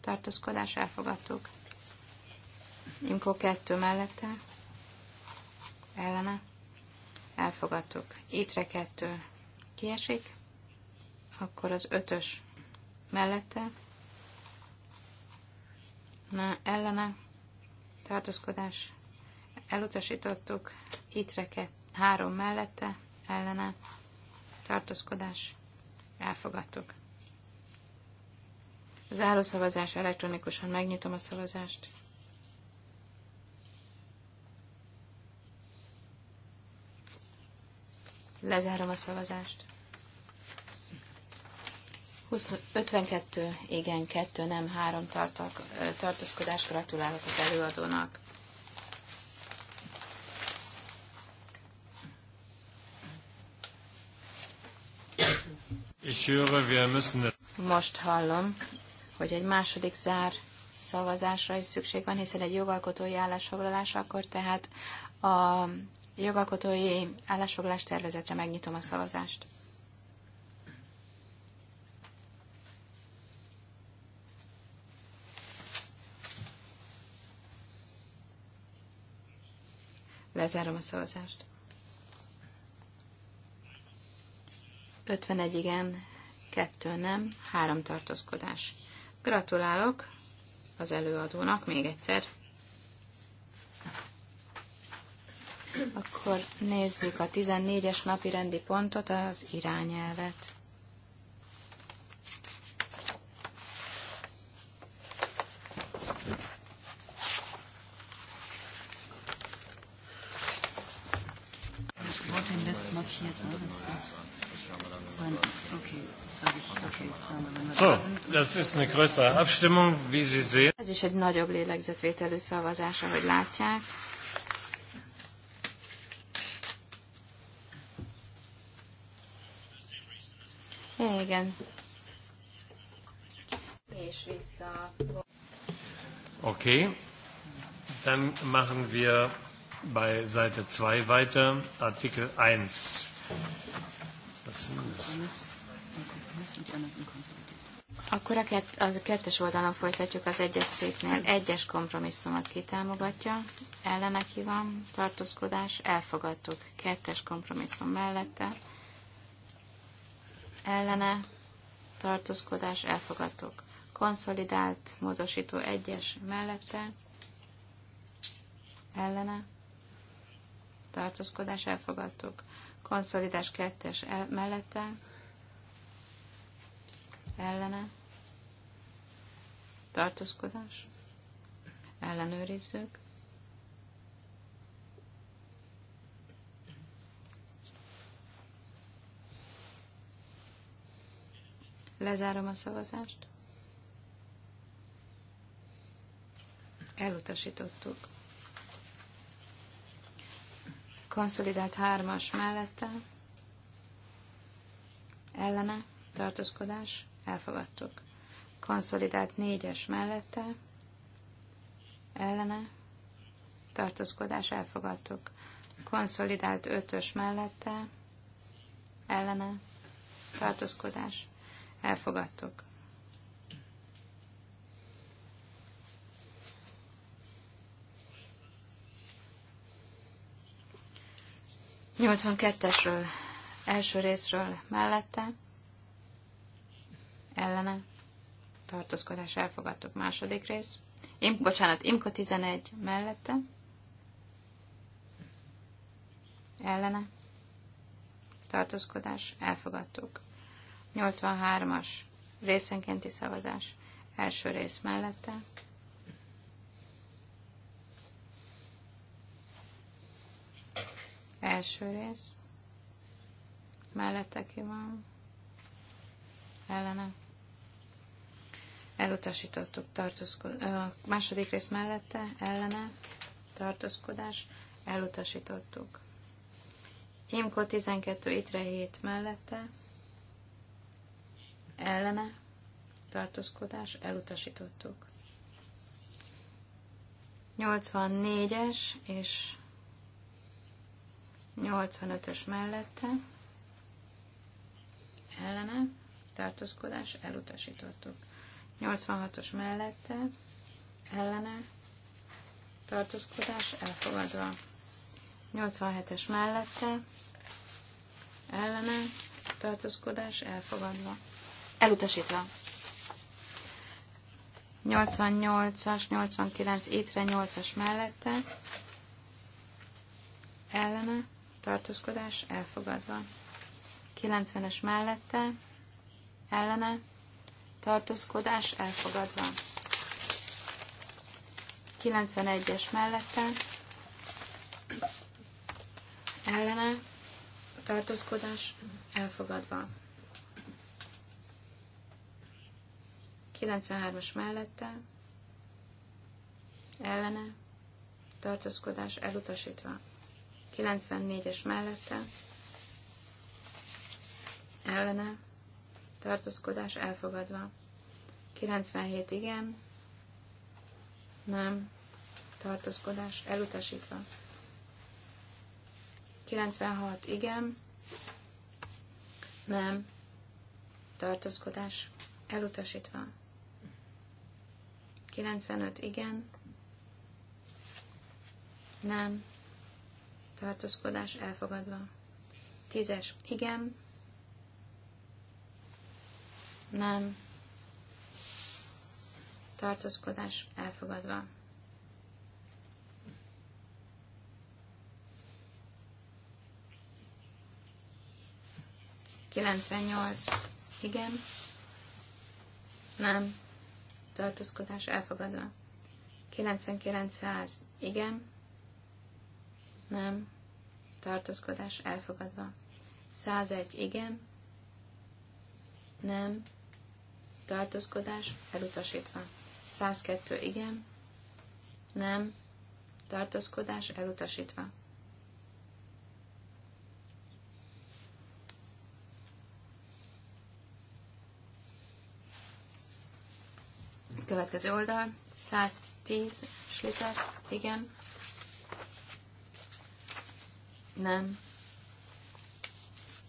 tartózkodás elfogadtuk. Imkó kettő mellette, ellene, elfogadtuk. Itre kettő kiesik, akkor az ötös mellette, na, ellene, tartózkodás elutasítottuk, itre három mellette, ellene, tartózkodás, elfogadtuk. Záró szavazás, elektronikusan megnyitom a szavazást. Lezárom a szavazást. 20, 52, igen, 2, nem, 3 tartok, tartózkodás. Gratulálok az előadónak. Most hallom, hogy egy második zár szavazásra is szükség van, hiszen egy jogalkotói állásfoglalás, akkor tehát a jogalkotói állásfoglalás tervezetre megnyitom a szavazást. Lezárom a szavazást. 51 igen, 2 nem, 3 tartózkodás. Gratulálok az előadónak még egyszer. Akkor nézzük a 14-es napi rendi pontot, az irányelvet. Das ist eine größere Abstimmung, wie Sie sehen. Ez is egy nagyobb lélegzetvételű szavazás, ahogy látják. É, igen. És vissza. Okay, dann machen wir bei Seite 2 weiter, Artikel 1. Was sind das? anders im akkor a, kett, az a kettes oldalon folytatjuk az egyes cégnél. Egyes kompromisszumot kitámogatja, ellene ki van, tartózkodás, elfogadtuk. Kettes kompromisszum mellette, ellene, tartózkodás, elfogadtuk. Konszolidált módosító egyes mellette, ellene, tartózkodás, elfogadtuk. Konszolidás kettes el, mellette, ellene, tartózkodás, ellenőrizzük. Lezárom a szavazást. Elutasítottuk. Konszolidált hármas mellette. Ellene tartózkodás elfogadtuk. Konszolidált négyes mellette, ellene, tartózkodás, elfogadtuk. Konszolidált ötös mellette, ellene, tartózkodás, elfogadtuk. Nyolcvankettesről első részről mellette, ellene, tartózkodás elfogadtuk második rész. Im, bocsánat, Imko 11 mellette, ellene, tartózkodás elfogadtuk. 83-as részenkénti szavazás első rész mellette, első rész, mellette ki van, ellene elutasítottuk tartózkodás, második rész mellette, ellene, tartózkodás, elutasítottuk. Imko 12, itre 7 mellette, ellene, tartózkodás, elutasítottuk. 84-es és 85-ös mellette, ellene, tartózkodás, elutasítottuk. 86-os mellette, ellene, tartózkodás elfogadva. 87-es mellette, ellene, tartózkodás elfogadva. Elutasítva. 88-as, 89, étre 8-as mellette, ellene, tartózkodás elfogadva. 90-es mellette, ellene, tartózkodás elfogadva. 91-es mellette ellene tartózkodás elfogadva. 93-as mellette ellene tartózkodás elutasítva. 94-es mellette ellene tartózkodás elfogadva. 97 igen, nem, tartózkodás elutasítva. 96 igen, nem, tartózkodás elutasítva. 95 igen, nem, tartózkodás elfogadva. 10-es igen, nem, tartózkodás elfogadva. Kilencvennyolc. Igen. Nem. Tartózkodás elfogadva. 9900. Igen. Nem. Tartózkodás elfogadva. 101. Igen. Nem tartózkodás elutasítva. 102 igen, nem, tartózkodás elutasítva. Következő oldal, 110 sliter, igen. Nem.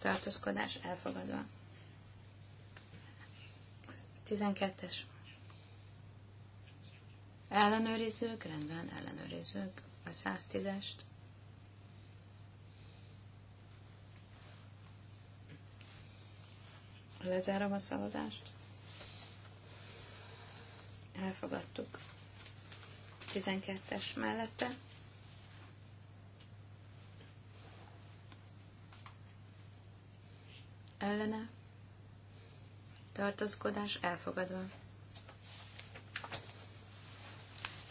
Tartózkodás elfogadva. 12-es. Ellenőrizzük, rendben, ellenőrizzük a 110-est. Lezárom a szavazást. Elfogadtuk. 12-es mellette. Ellene tartózkodás elfogadva.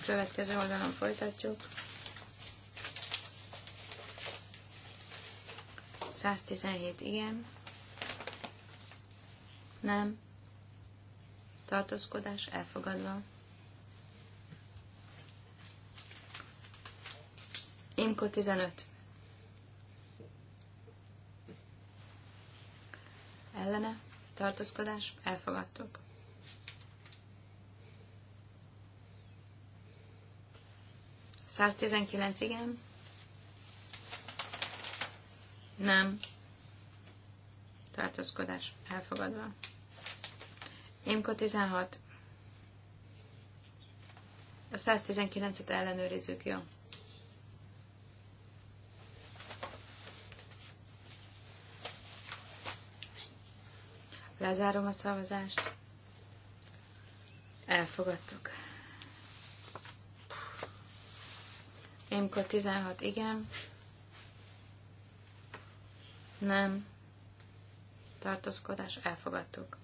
Következő oldalon folytatjuk. 117 igen. Nem. Tartózkodás elfogadva. Imko 15. Ellene tartózkodás, elfogadtuk. Száztizenkilenc igen. Nem. Tartózkodás, elfogadva. Imko 16. A 119-et ellenőrizzük, jó? Lezárom a szavazást. Elfogadtuk. Émkor 16, igen. Nem. Tartózkodás, elfogadtuk.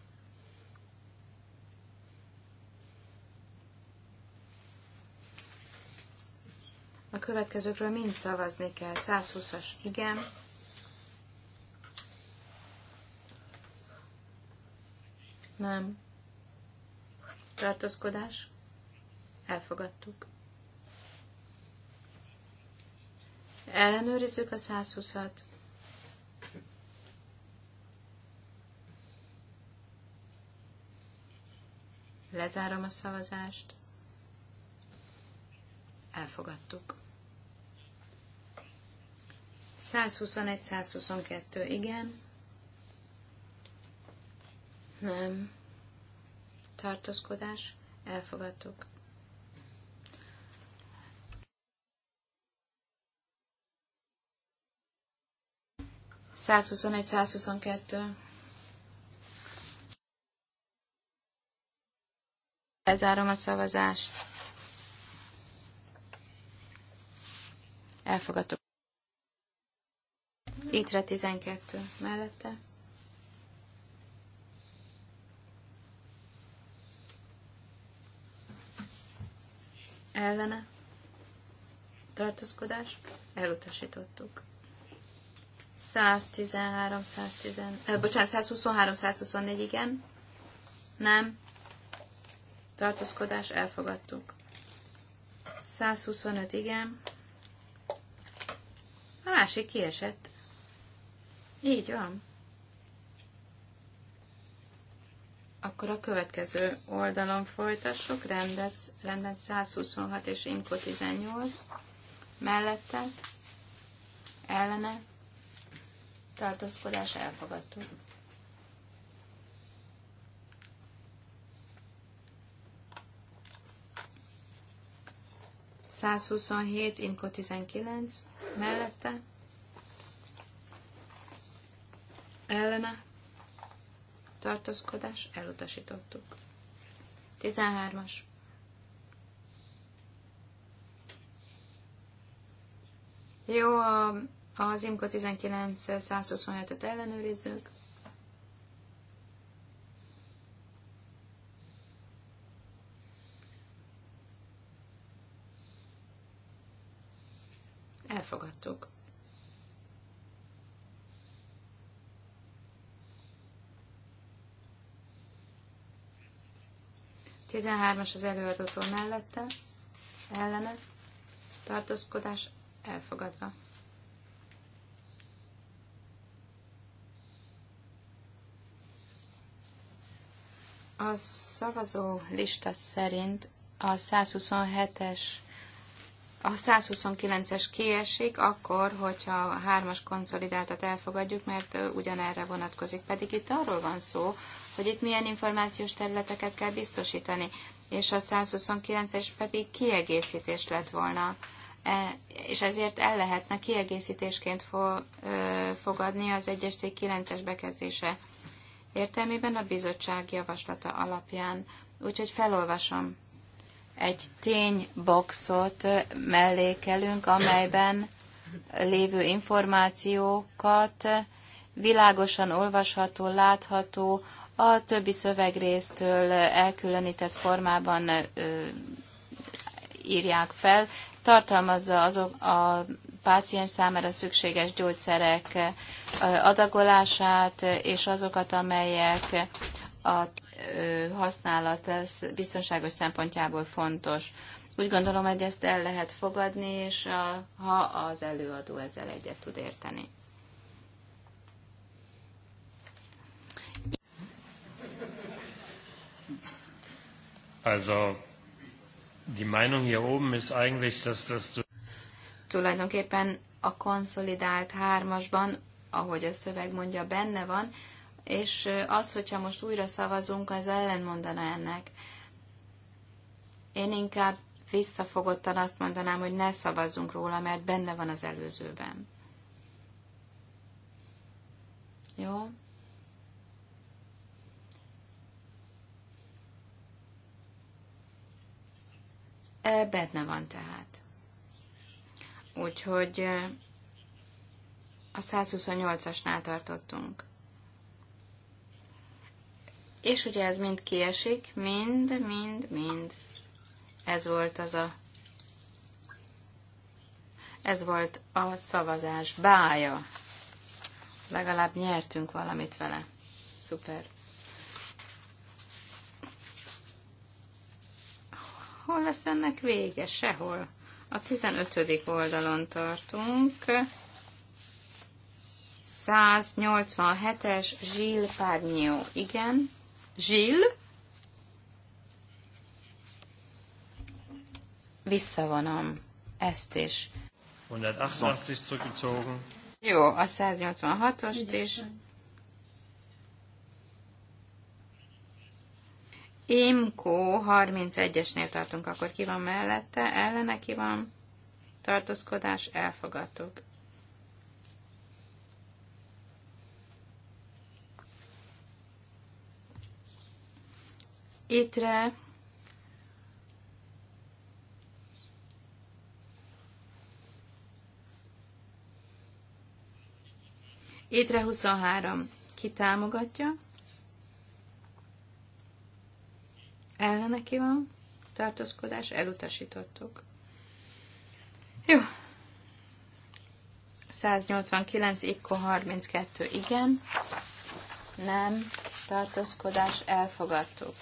A következőkről mind szavazni kell. 120-as, igen. nem. Tartózkodás. Elfogadtuk. Ellenőrizzük a 120-at. Lezárom a szavazást. Elfogadtuk. 121-122, igen nem, tartózkodás, elfogadtuk. Százhuszonegy, Lezárom a szavazást. Elfogadtuk. Itre 12 mellette. ellene tartózkodás elutasítottuk. 113, 110, eh, bocsánat, 123, 124, igen. Nem. Tartózkodás elfogadtuk. 125, igen. A másik kiesett. Így van. Akkor a következő oldalon folytassuk, rendet, rendet 126 és Imko 18, mellette, ellene, tartózkodás elfogadtuk. Százhuszonhét, Imko tizenkilenc, mellette, ellene, tartózkodás, elutasítottuk. 13-as. Jó, a, az IMCO 19 127-et ellenőrizzük. Elfogadtuk. 13-as az előadótól mellette, ellene, tartózkodás elfogadva. A szavazó lista szerint a 127-es, a 129-es kiesik akkor, hogyha a hármas konszolidáltat elfogadjuk, mert ugyanerre vonatkozik. Pedig itt arról van szó, hogy itt milyen információs területeket kell biztosítani, és a 129-es pedig kiegészítés lett volna, e, és ezért el lehetne kiegészítésként fo- fogadni az 1-es 9-es bekezdése értelmében a bizottság javaslata alapján. Úgyhogy felolvasom. Egy tényboxot mellékelünk, amelyben lévő információkat világosan olvasható, látható, a többi szövegrésztől elkülönített formában írják fel, tartalmazza azok a páciens számára szükséges gyógyszerek adagolását, és azokat, amelyek a használat ez biztonságos szempontjából fontos. Úgy gondolom, hogy ezt el lehet fogadni, és a, ha az előadó ezzel egyet tud érteni. Also die Meinung hier oben ist eigentlich, dass das... Tulajdonképpen a konszolidált hármasban, ahogy a szöveg mondja, benne van, és az, hogyha most újra szavazunk, az ellen, mondana ennek. Én inkább visszafogottan azt mondanám, hogy ne szavazzunk róla, mert benne van az előzőben. Jó? benne van tehát. Úgyhogy a 128-asnál tartottunk. És ugye ez mind kiesik, mind, mind, mind. Ez volt az a ez volt a szavazás bája. Legalább nyertünk valamit vele. Szuper. Hol lesz ennek vége? Sehol. A 15. oldalon tartunk. 187-es Gilles Párnyó. Igen. Gilles? Visszavonom. Ezt is. 188 zurückgezogen. Jó, a 186-ost is. Imkó 31-esnél tartunk, akkor ki van mellette, ellene ki van, tartózkodás, elfogadtuk. Étre Étre 23. Ki támogatja? ellene ki van, tartózkodás, elutasítottuk. Jó. 189, Ikko 32, igen. Nem, tartózkodás, elfogadtuk.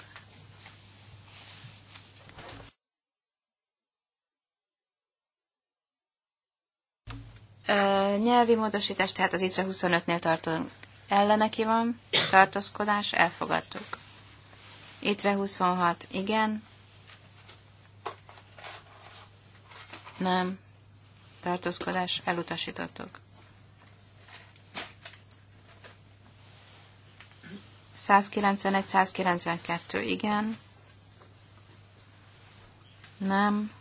Ö, nyelvi módosítás, tehát az ICRE 25-nél tartunk. Ellene ki van, tartózkodás, elfogadtuk. Étre 26, igen. Nem. Tartózkodás, elutasítottuk. 191-192, igen. Nem.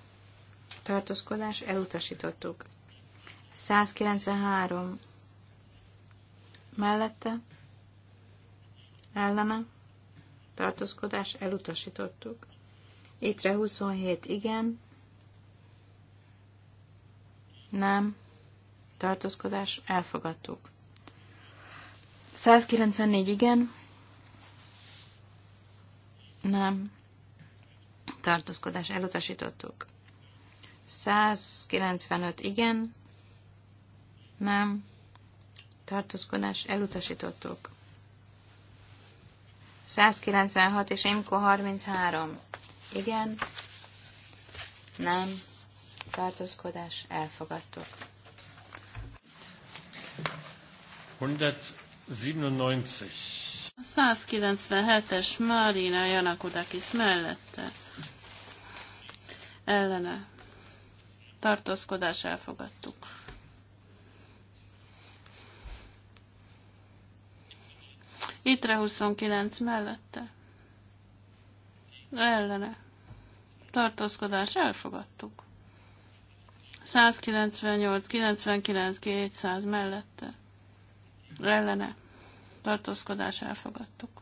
Tartózkodás, elutasítottuk. 193. Mellette. Ellene tartózkodás elutasítottuk. Ittre 27 igen, nem, tartózkodás elfogadtuk. 194 igen, nem, tartózkodás elutasítottuk. 195 igen, nem, tartózkodás elutasítottuk. 196 és Imko 33. Igen. Nem. Tartózkodás. Elfogadtuk. 197. 197-es Marina Janakudakis mellette. Ellene. Tartózkodás elfogadtuk. Itre 29 mellette. Ellene. Tartózkodás elfogadtuk. 198, 99, 200 mellette. Ellene. Tartózkodás elfogadtuk.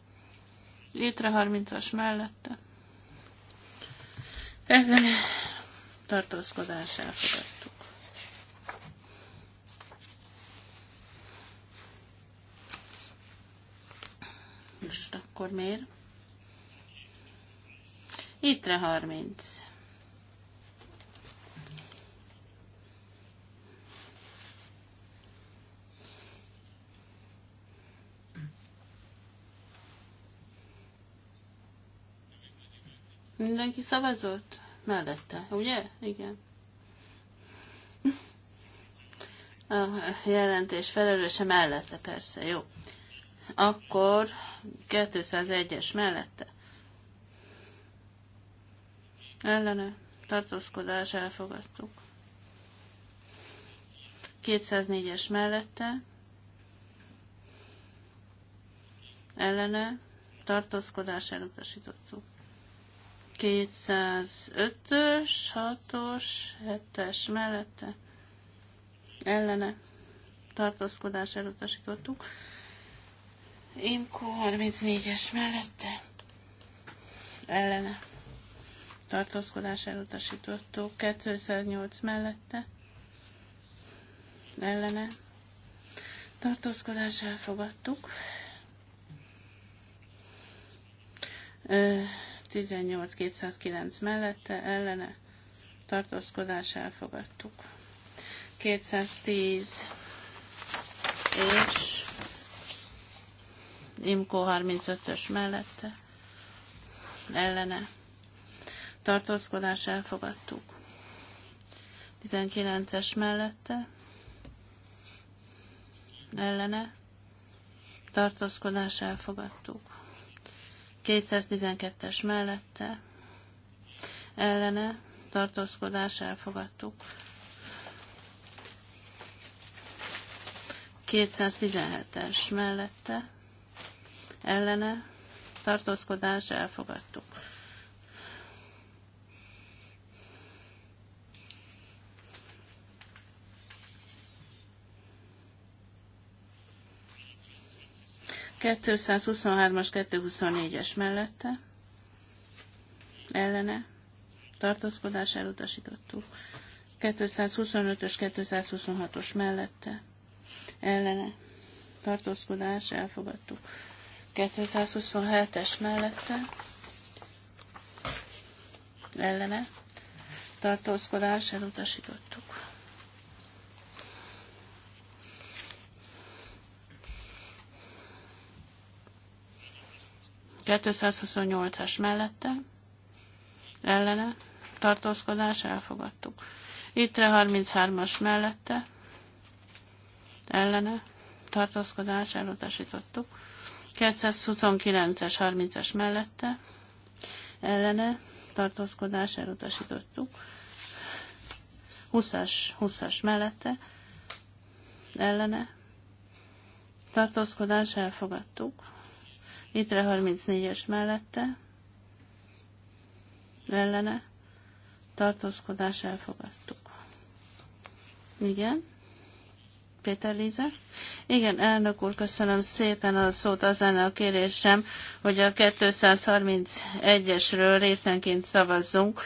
Itre 30-as mellette. Ellene. Tartózkodás elfogadtuk. Most akkor miért? Ittre 30. Mindenki szavazott? Mellette, ugye? Igen. A jelentés felelőse mellette, persze, jó akkor 201-es mellette ellene tartózkodás elfogadtuk. 204-es mellette ellene tartózkodás elutasítottuk. 205-ös, 6-os, 7-es mellette ellene tartózkodás elutasítottuk. Imkó 34-es mellette ellene tartózkodás elutasítottuk 208 mellette ellene tartózkodás elfogadtuk 18-209 mellette ellene tartózkodás elfogadtuk 210 és Imko 35-ös mellette ellene tartózkodás elfogadtuk. 19-es mellette ellene tartózkodás elfogadtuk. 212-es mellette ellene tartózkodás elfogadtuk. 217-es mellette ellene tartózkodás elfogadtuk. Kettőszázhuszonhármas, kettőhuszonnégyes mellette ellene tartózkodás elutasítottuk. 225-ös, 226-os mellette ellene tartózkodás elfogadtuk. 227-es mellette ellene tartózkodás elutasítottuk. 228 as mellette ellene tartózkodás elfogadtuk. Ittre 33-as mellette ellene tartózkodás elutasítottuk. 229-es, 30 es mellette ellene tartózkodás elutasítottuk. 20-as, 20-as mellette ellene tartózkodás elfogadtuk. Itre 34-es mellette ellene tartózkodás elfogadtuk. Igen. Péter Líze. Igen, elnök úr, köszönöm szépen a szót. Az lenne a kérésem, hogy a 231-esről részenként szavazzunk.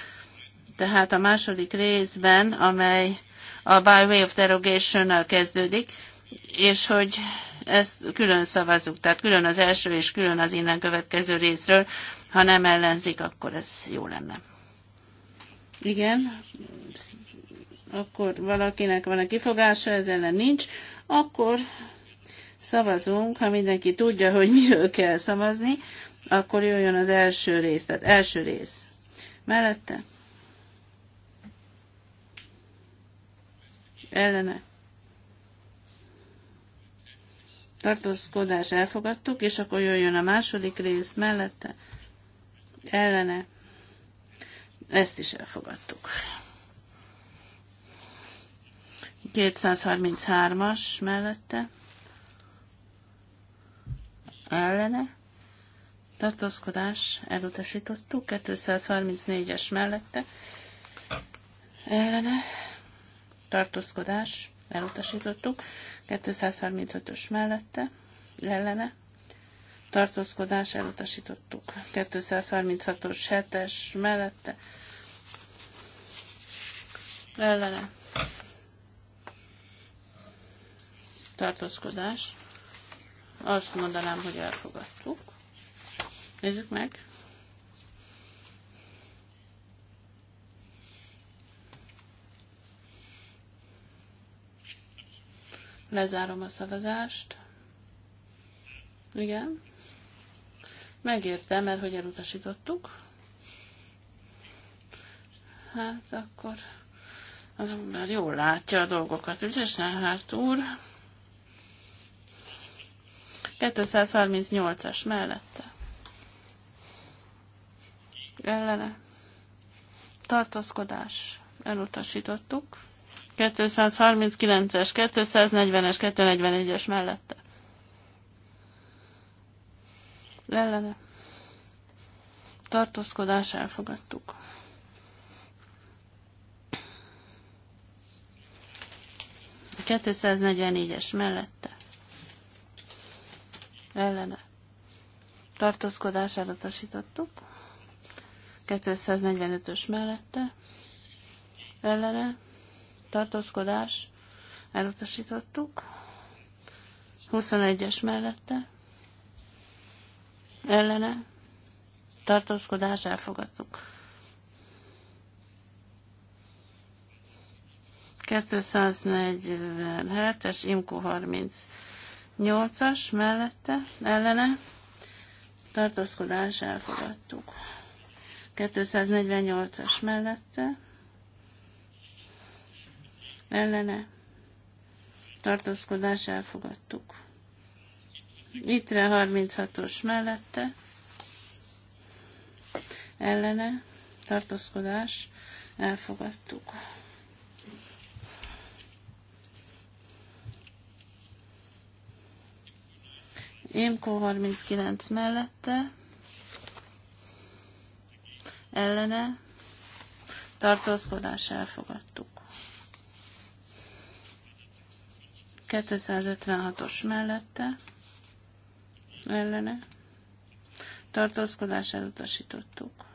Tehát a második részben, amely a by way of derogation kezdődik, és hogy ezt külön szavazzuk, tehát külön az első és külön az innen következő részről. Ha nem ellenzik, akkor ez jó lenne. Igen, akkor valakinek van a kifogása, ez ellen nincs, akkor szavazunk, ha mindenki tudja, hogy miről kell szavazni, akkor jöjjön az első rész, tehát első rész. Mellette? Ellene? Tartózkodás elfogadtuk, és akkor jöjjön a második rész mellette. Ellene? Ezt is elfogadtuk. 233-as mellette ellene tartózkodás elutasítottuk, 234-es mellette ellene tartózkodás elutasítottuk, 235-ös mellette ellene tartózkodás elutasítottuk, 236-os 7-es mellette ellene tartózkodás, azt mondanám, hogy elfogadtuk. Nézzük meg. Lezárom a szavazást. Igen. Megértem, mert hogy elutasítottuk. Hát akkor az ember jól látja a dolgokat, ügyes Nárhárt úr. 238-as mellette. Ellene. Tartózkodás. Elutasítottuk. 239-es, 240-es, 241-es mellette. Ellene. Tartózkodás elfogadtuk. A 244-es mellette ellene tartózkodására elutasítottuk. 245-ös mellette ellene tartózkodás elutasítottuk. 21-es mellette ellene tartózkodás elfogadtuk. 247-es, Imkó 30 Nyolcas mellette, ellene, tartózkodás elfogadtuk. 248-as mellette, ellene, tartózkodás elfogadtuk. Ittre 36-os mellette, ellene, tartózkodás elfogadtuk. Émkó 39 mellette, ellene, tartózkodás elfogadtuk. 256-os mellette, ellene, tartózkodás elutasítottuk.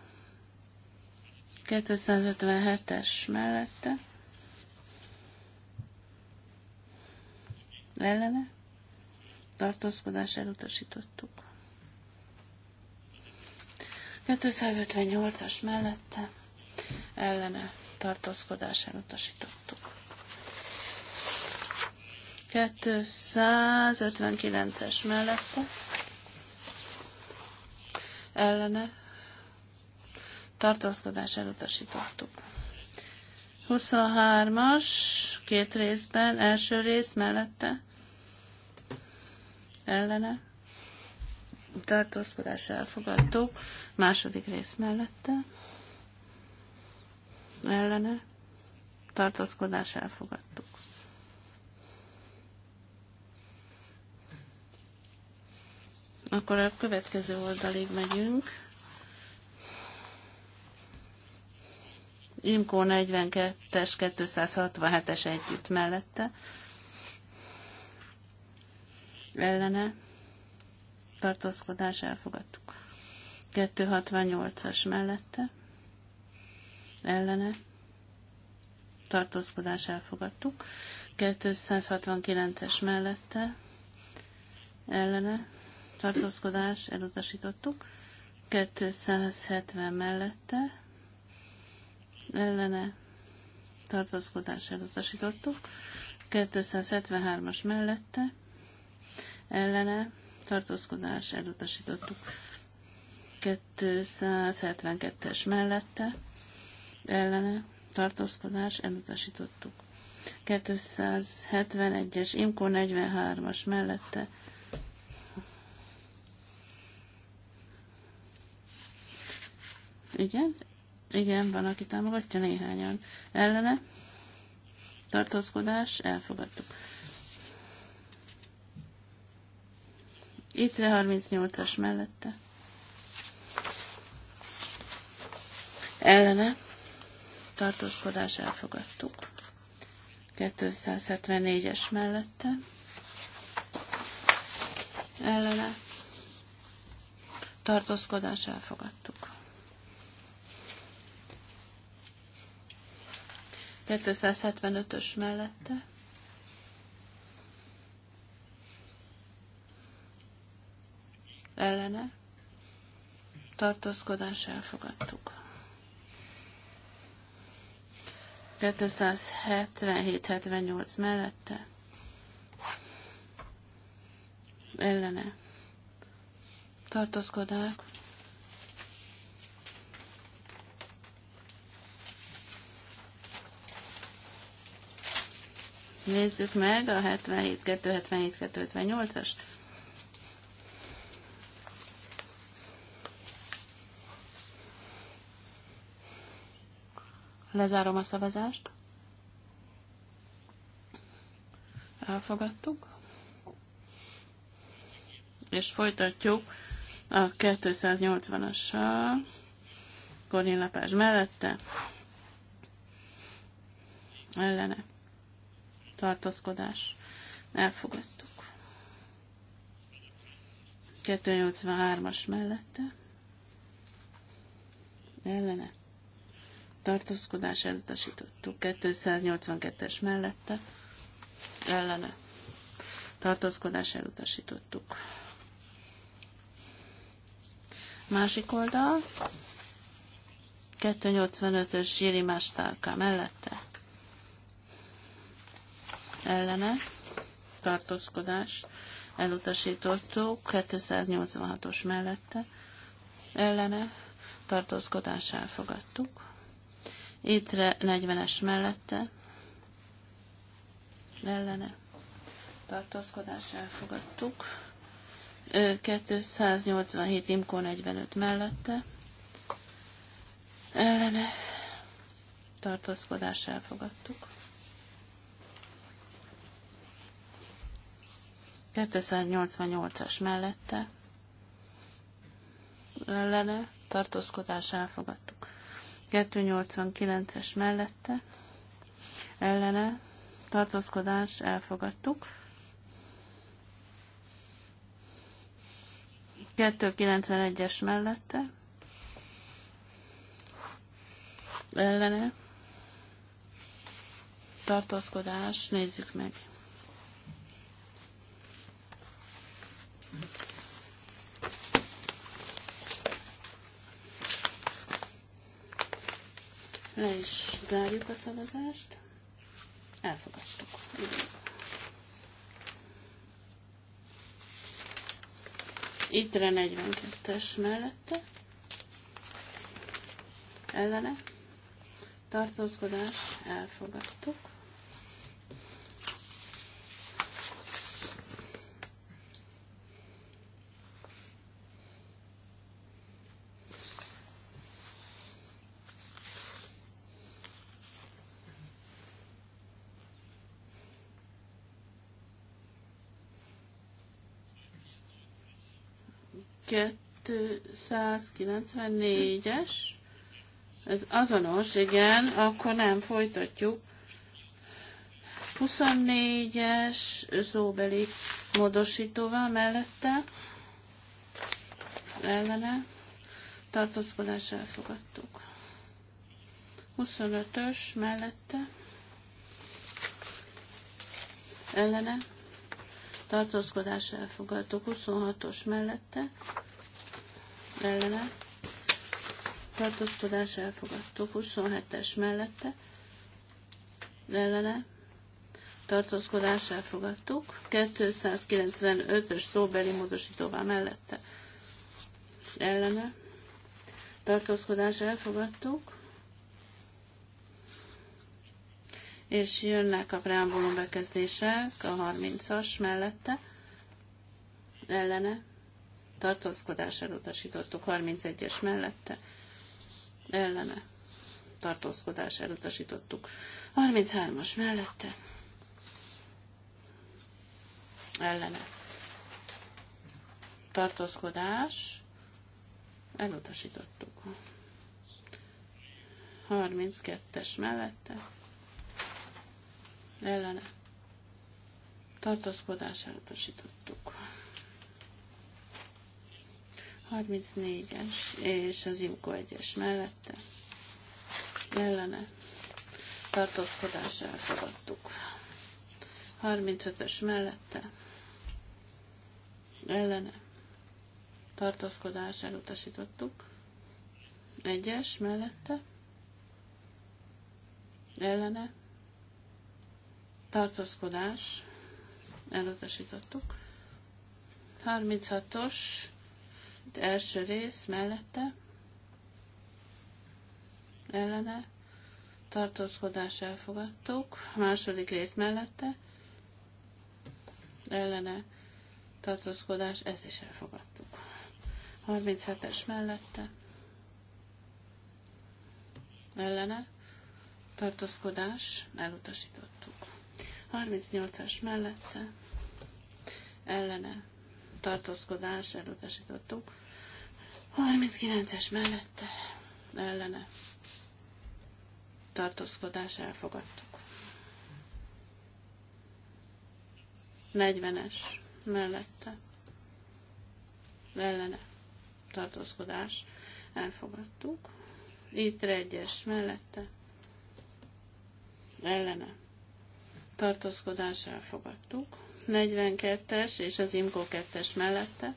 257-es mellette, ellene, tartózkodás elutasítottuk. 258-as mellette ellene tartózkodás elutasítottuk. 259-es mellette ellene tartózkodás elutasítottuk. 23-as, két részben, első rész mellette ellene tartózkodás elfogadtuk, második rész mellette ellene tartózkodás elfogadtuk. Akkor a következő oldalig megyünk. Imkó 42-es, 267-es együtt mellette ellene tartózkodás elfogadtuk. 268-as mellette ellene tartózkodás elfogadtuk. 269-es mellette ellene tartózkodás elutasítottuk. 270 mellette ellene tartózkodás elutasítottuk. 273-as mellette ellene tartózkodás elutasítottuk 272-es mellette ellene tartózkodás elutasítottuk 271-es Imko 43-as mellette igen, igen, van, aki támogatja néhányan ellene tartózkodás, elfogadtuk Ittre 38-as mellette. Ellene tartózkodás elfogadtuk. 274-es mellette. Ellene tartózkodás elfogadtuk. 275-ös mellette ellene tartózkodás elfogadtuk. 277-78 mellette ellene tartózkodák. Nézzük meg a 77-277-258-as Lezárom a szavazást. Elfogadtuk. És folytatjuk a 280-assal. Korin Lapás mellette. Ellene. Tartózkodás. Elfogadtuk. 283-as mellette. Ellene tartózkodás elutasítottuk 282-es mellette ellene tartózkodás elutasítottuk. Másik oldal 285-ös Zsiri Mástárka mellette ellene tartózkodás elutasítottuk 286-os mellette ellene tartózkodás elfogadtuk étre 40-es mellette ellene tartózkodás elfogadtuk. 287 Imkó 45 mellette ellene tartózkodás elfogadtuk. 288-as mellette ellene tartózkodás elfogadtuk. 289-es mellette ellene tartózkodás elfogadtuk. 291-es mellette ellene tartózkodás, nézzük meg. Le is zárjuk a szavazást. Elfogadtuk. a 42-es mellette. Ellene. Tartózkodás. Elfogadtuk. 294-es, ez azonos, igen, akkor nem folytatjuk. 24-es szóbeli módosítóval mellette ellene tartózkodás elfogadtuk. 25-ös mellette ellene tartózkodás elfogadtuk 26-os mellette, ellene, tartózkodás elfogadtuk 27-es mellette, ellene, tartózkodás elfogadtuk 295-ös szóbeli módosítóvá mellette, ellene, tartózkodás elfogadtuk és jönnek a preambulum bekezdések a 30-as mellette, ellene, tartózkodás elutasítottuk 31-es mellette, ellene, tartózkodás elutasítottuk 33-as mellette, ellene, tartózkodás elutasítottuk 32-es mellette, ellene tartózkodását elutasítottuk. 34-es és az Imko 1-es mellette ellene tartózkodását elfogadtuk. 35-ös mellette ellene tartózkodását utasítottuk. 1-es mellette ellene tartózkodás, elutasítottuk. 36-os első rész mellette ellene tartózkodás elfogadtuk, második rész mellette ellene tartózkodás, ezt is elfogadtuk. 37-es mellette ellene tartózkodás elutasított. 38-as mellette ellene tartózkodás elutasítottuk. 39-es mellette ellene tartózkodás elfogadtuk. 40-es mellette ellene tartózkodás elfogadtuk. Itt es mellette ellene tartózkodás elfogadtuk. 42-es és az imkó 2-es mellette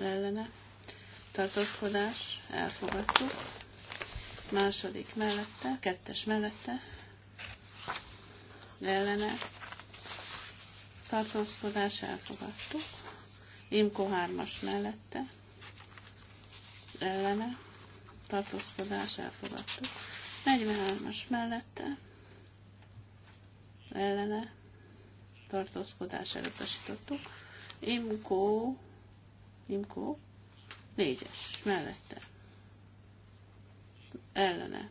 ellene tartózkodás elfogadtuk. Második mellette, kettes mellette ellene tartózkodás elfogadtuk. IMCO 3-as mellette ellene tartózkodás elfogadtuk. 43-as mellette ellene tartózkodás elutasítottuk. Imkó, Imkó, négyes, mellette, ellene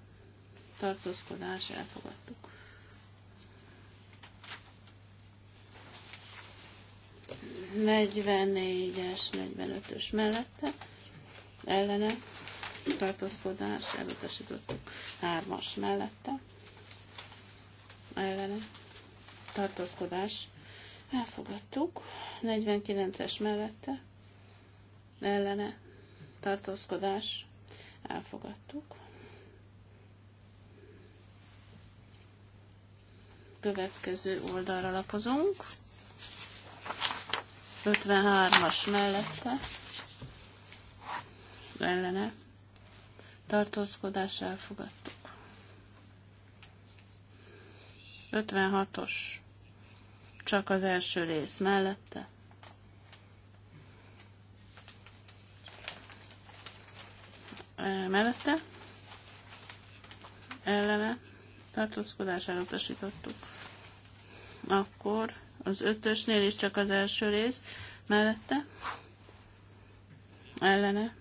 tartózkodás elfogadtuk. Negyvennégyes, negyvenötös mellette, ellene tartózkodás elutasítottuk. Hármas mellette, ellene tartózkodás elfogadtuk. 49-es mellette ellene tartózkodás elfogadtuk. Következő oldalra lapozunk. 53-as mellette ellene tartózkodás elfogadtuk. 56-os csak az első rész mellette. Mellette. Ellene. Tartózkodására elutasítottuk. Akkor az ötösnél is csak az első rész mellette. Ellene.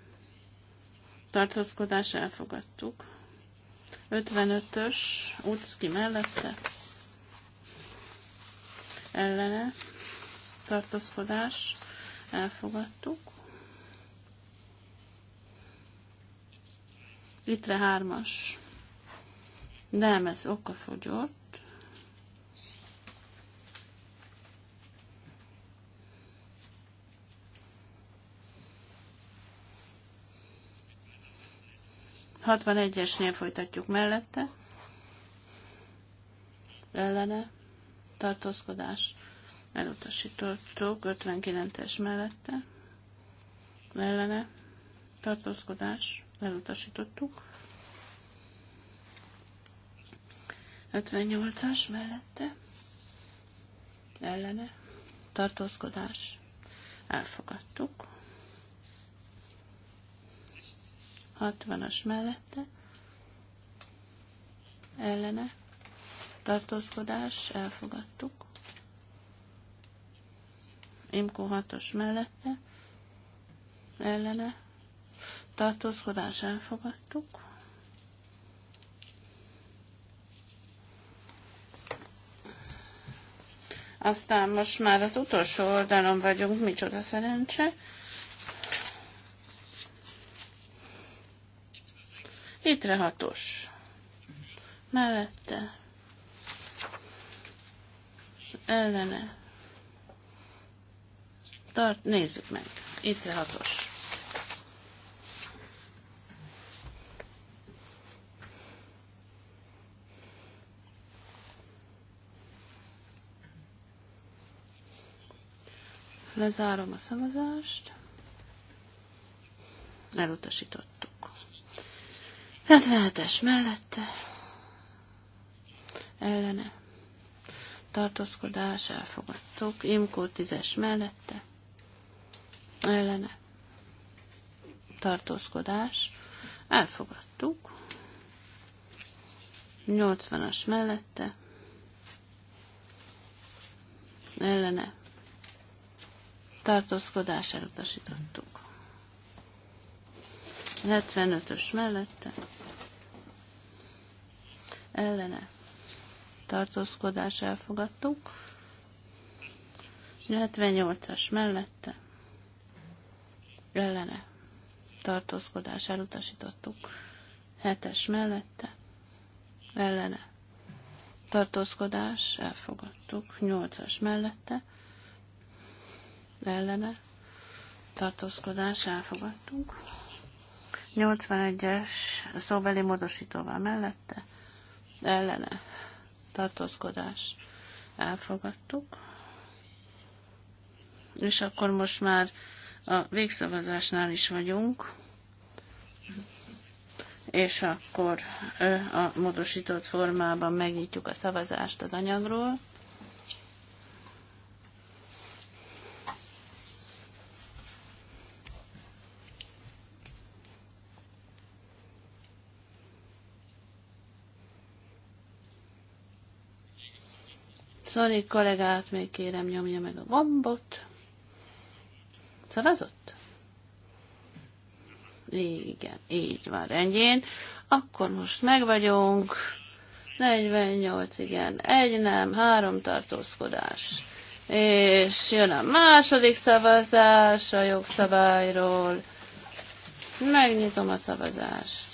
Tartózkodás elfogadtuk. 55-ös Utszki mellette ellene tartózkodás elfogadtuk. Litre hármas. Nem, ez okafogyott. Hatvan egyesnél folytatjuk mellette. Ellene tartózkodás elutasítottuk 59-es mellette, ellene tartózkodás elutasítottuk. 58-as mellette ellene tartózkodás elfogadtuk. 60-as mellette ellene tartózkodás, elfogadtuk. Imkó hatos mellette, ellene, tartózkodás, elfogadtuk. Aztán most már az utolsó oldalon vagyunk, micsoda szerencse. Ittre hatos. Mellette ellene. Tart, nézzük meg. Itt a hatos. Lezárom a szavazást. Elutasítottuk. 77-es mellette. Ellene tartózkodás elfogadtuk. Imkó tízes es mellette ellene tartózkodás elfogadtuk. 80-as mellette ellene tartózkodás elutasítottuk. 75-ös mellette ellene tartózkodás elfogadtuk. 78-as mellette ellene tartózkodás elutasítottuk. 7-es mellette ellene tartózkodás elfogadtuk. 8-as mellette ellene tartózkodás elfogadtunk. 81-es szóbeli módosítóval mellette ellene tartózkodás elfogadtuk. És akkor most már a végszavazásnál is vagyunk, és akkor a módosított formában megnyitjuk a szavazást az anyagról. Szori kollégát még kérem nyomja meg a gombot. Szavazott? Igen, így van, rendjén. Akkor most meg vagyunk. 48, igen, egy nem, három tartózkodás. És jön a második szavazás a jogszabályról. Megnyitom a szavazást.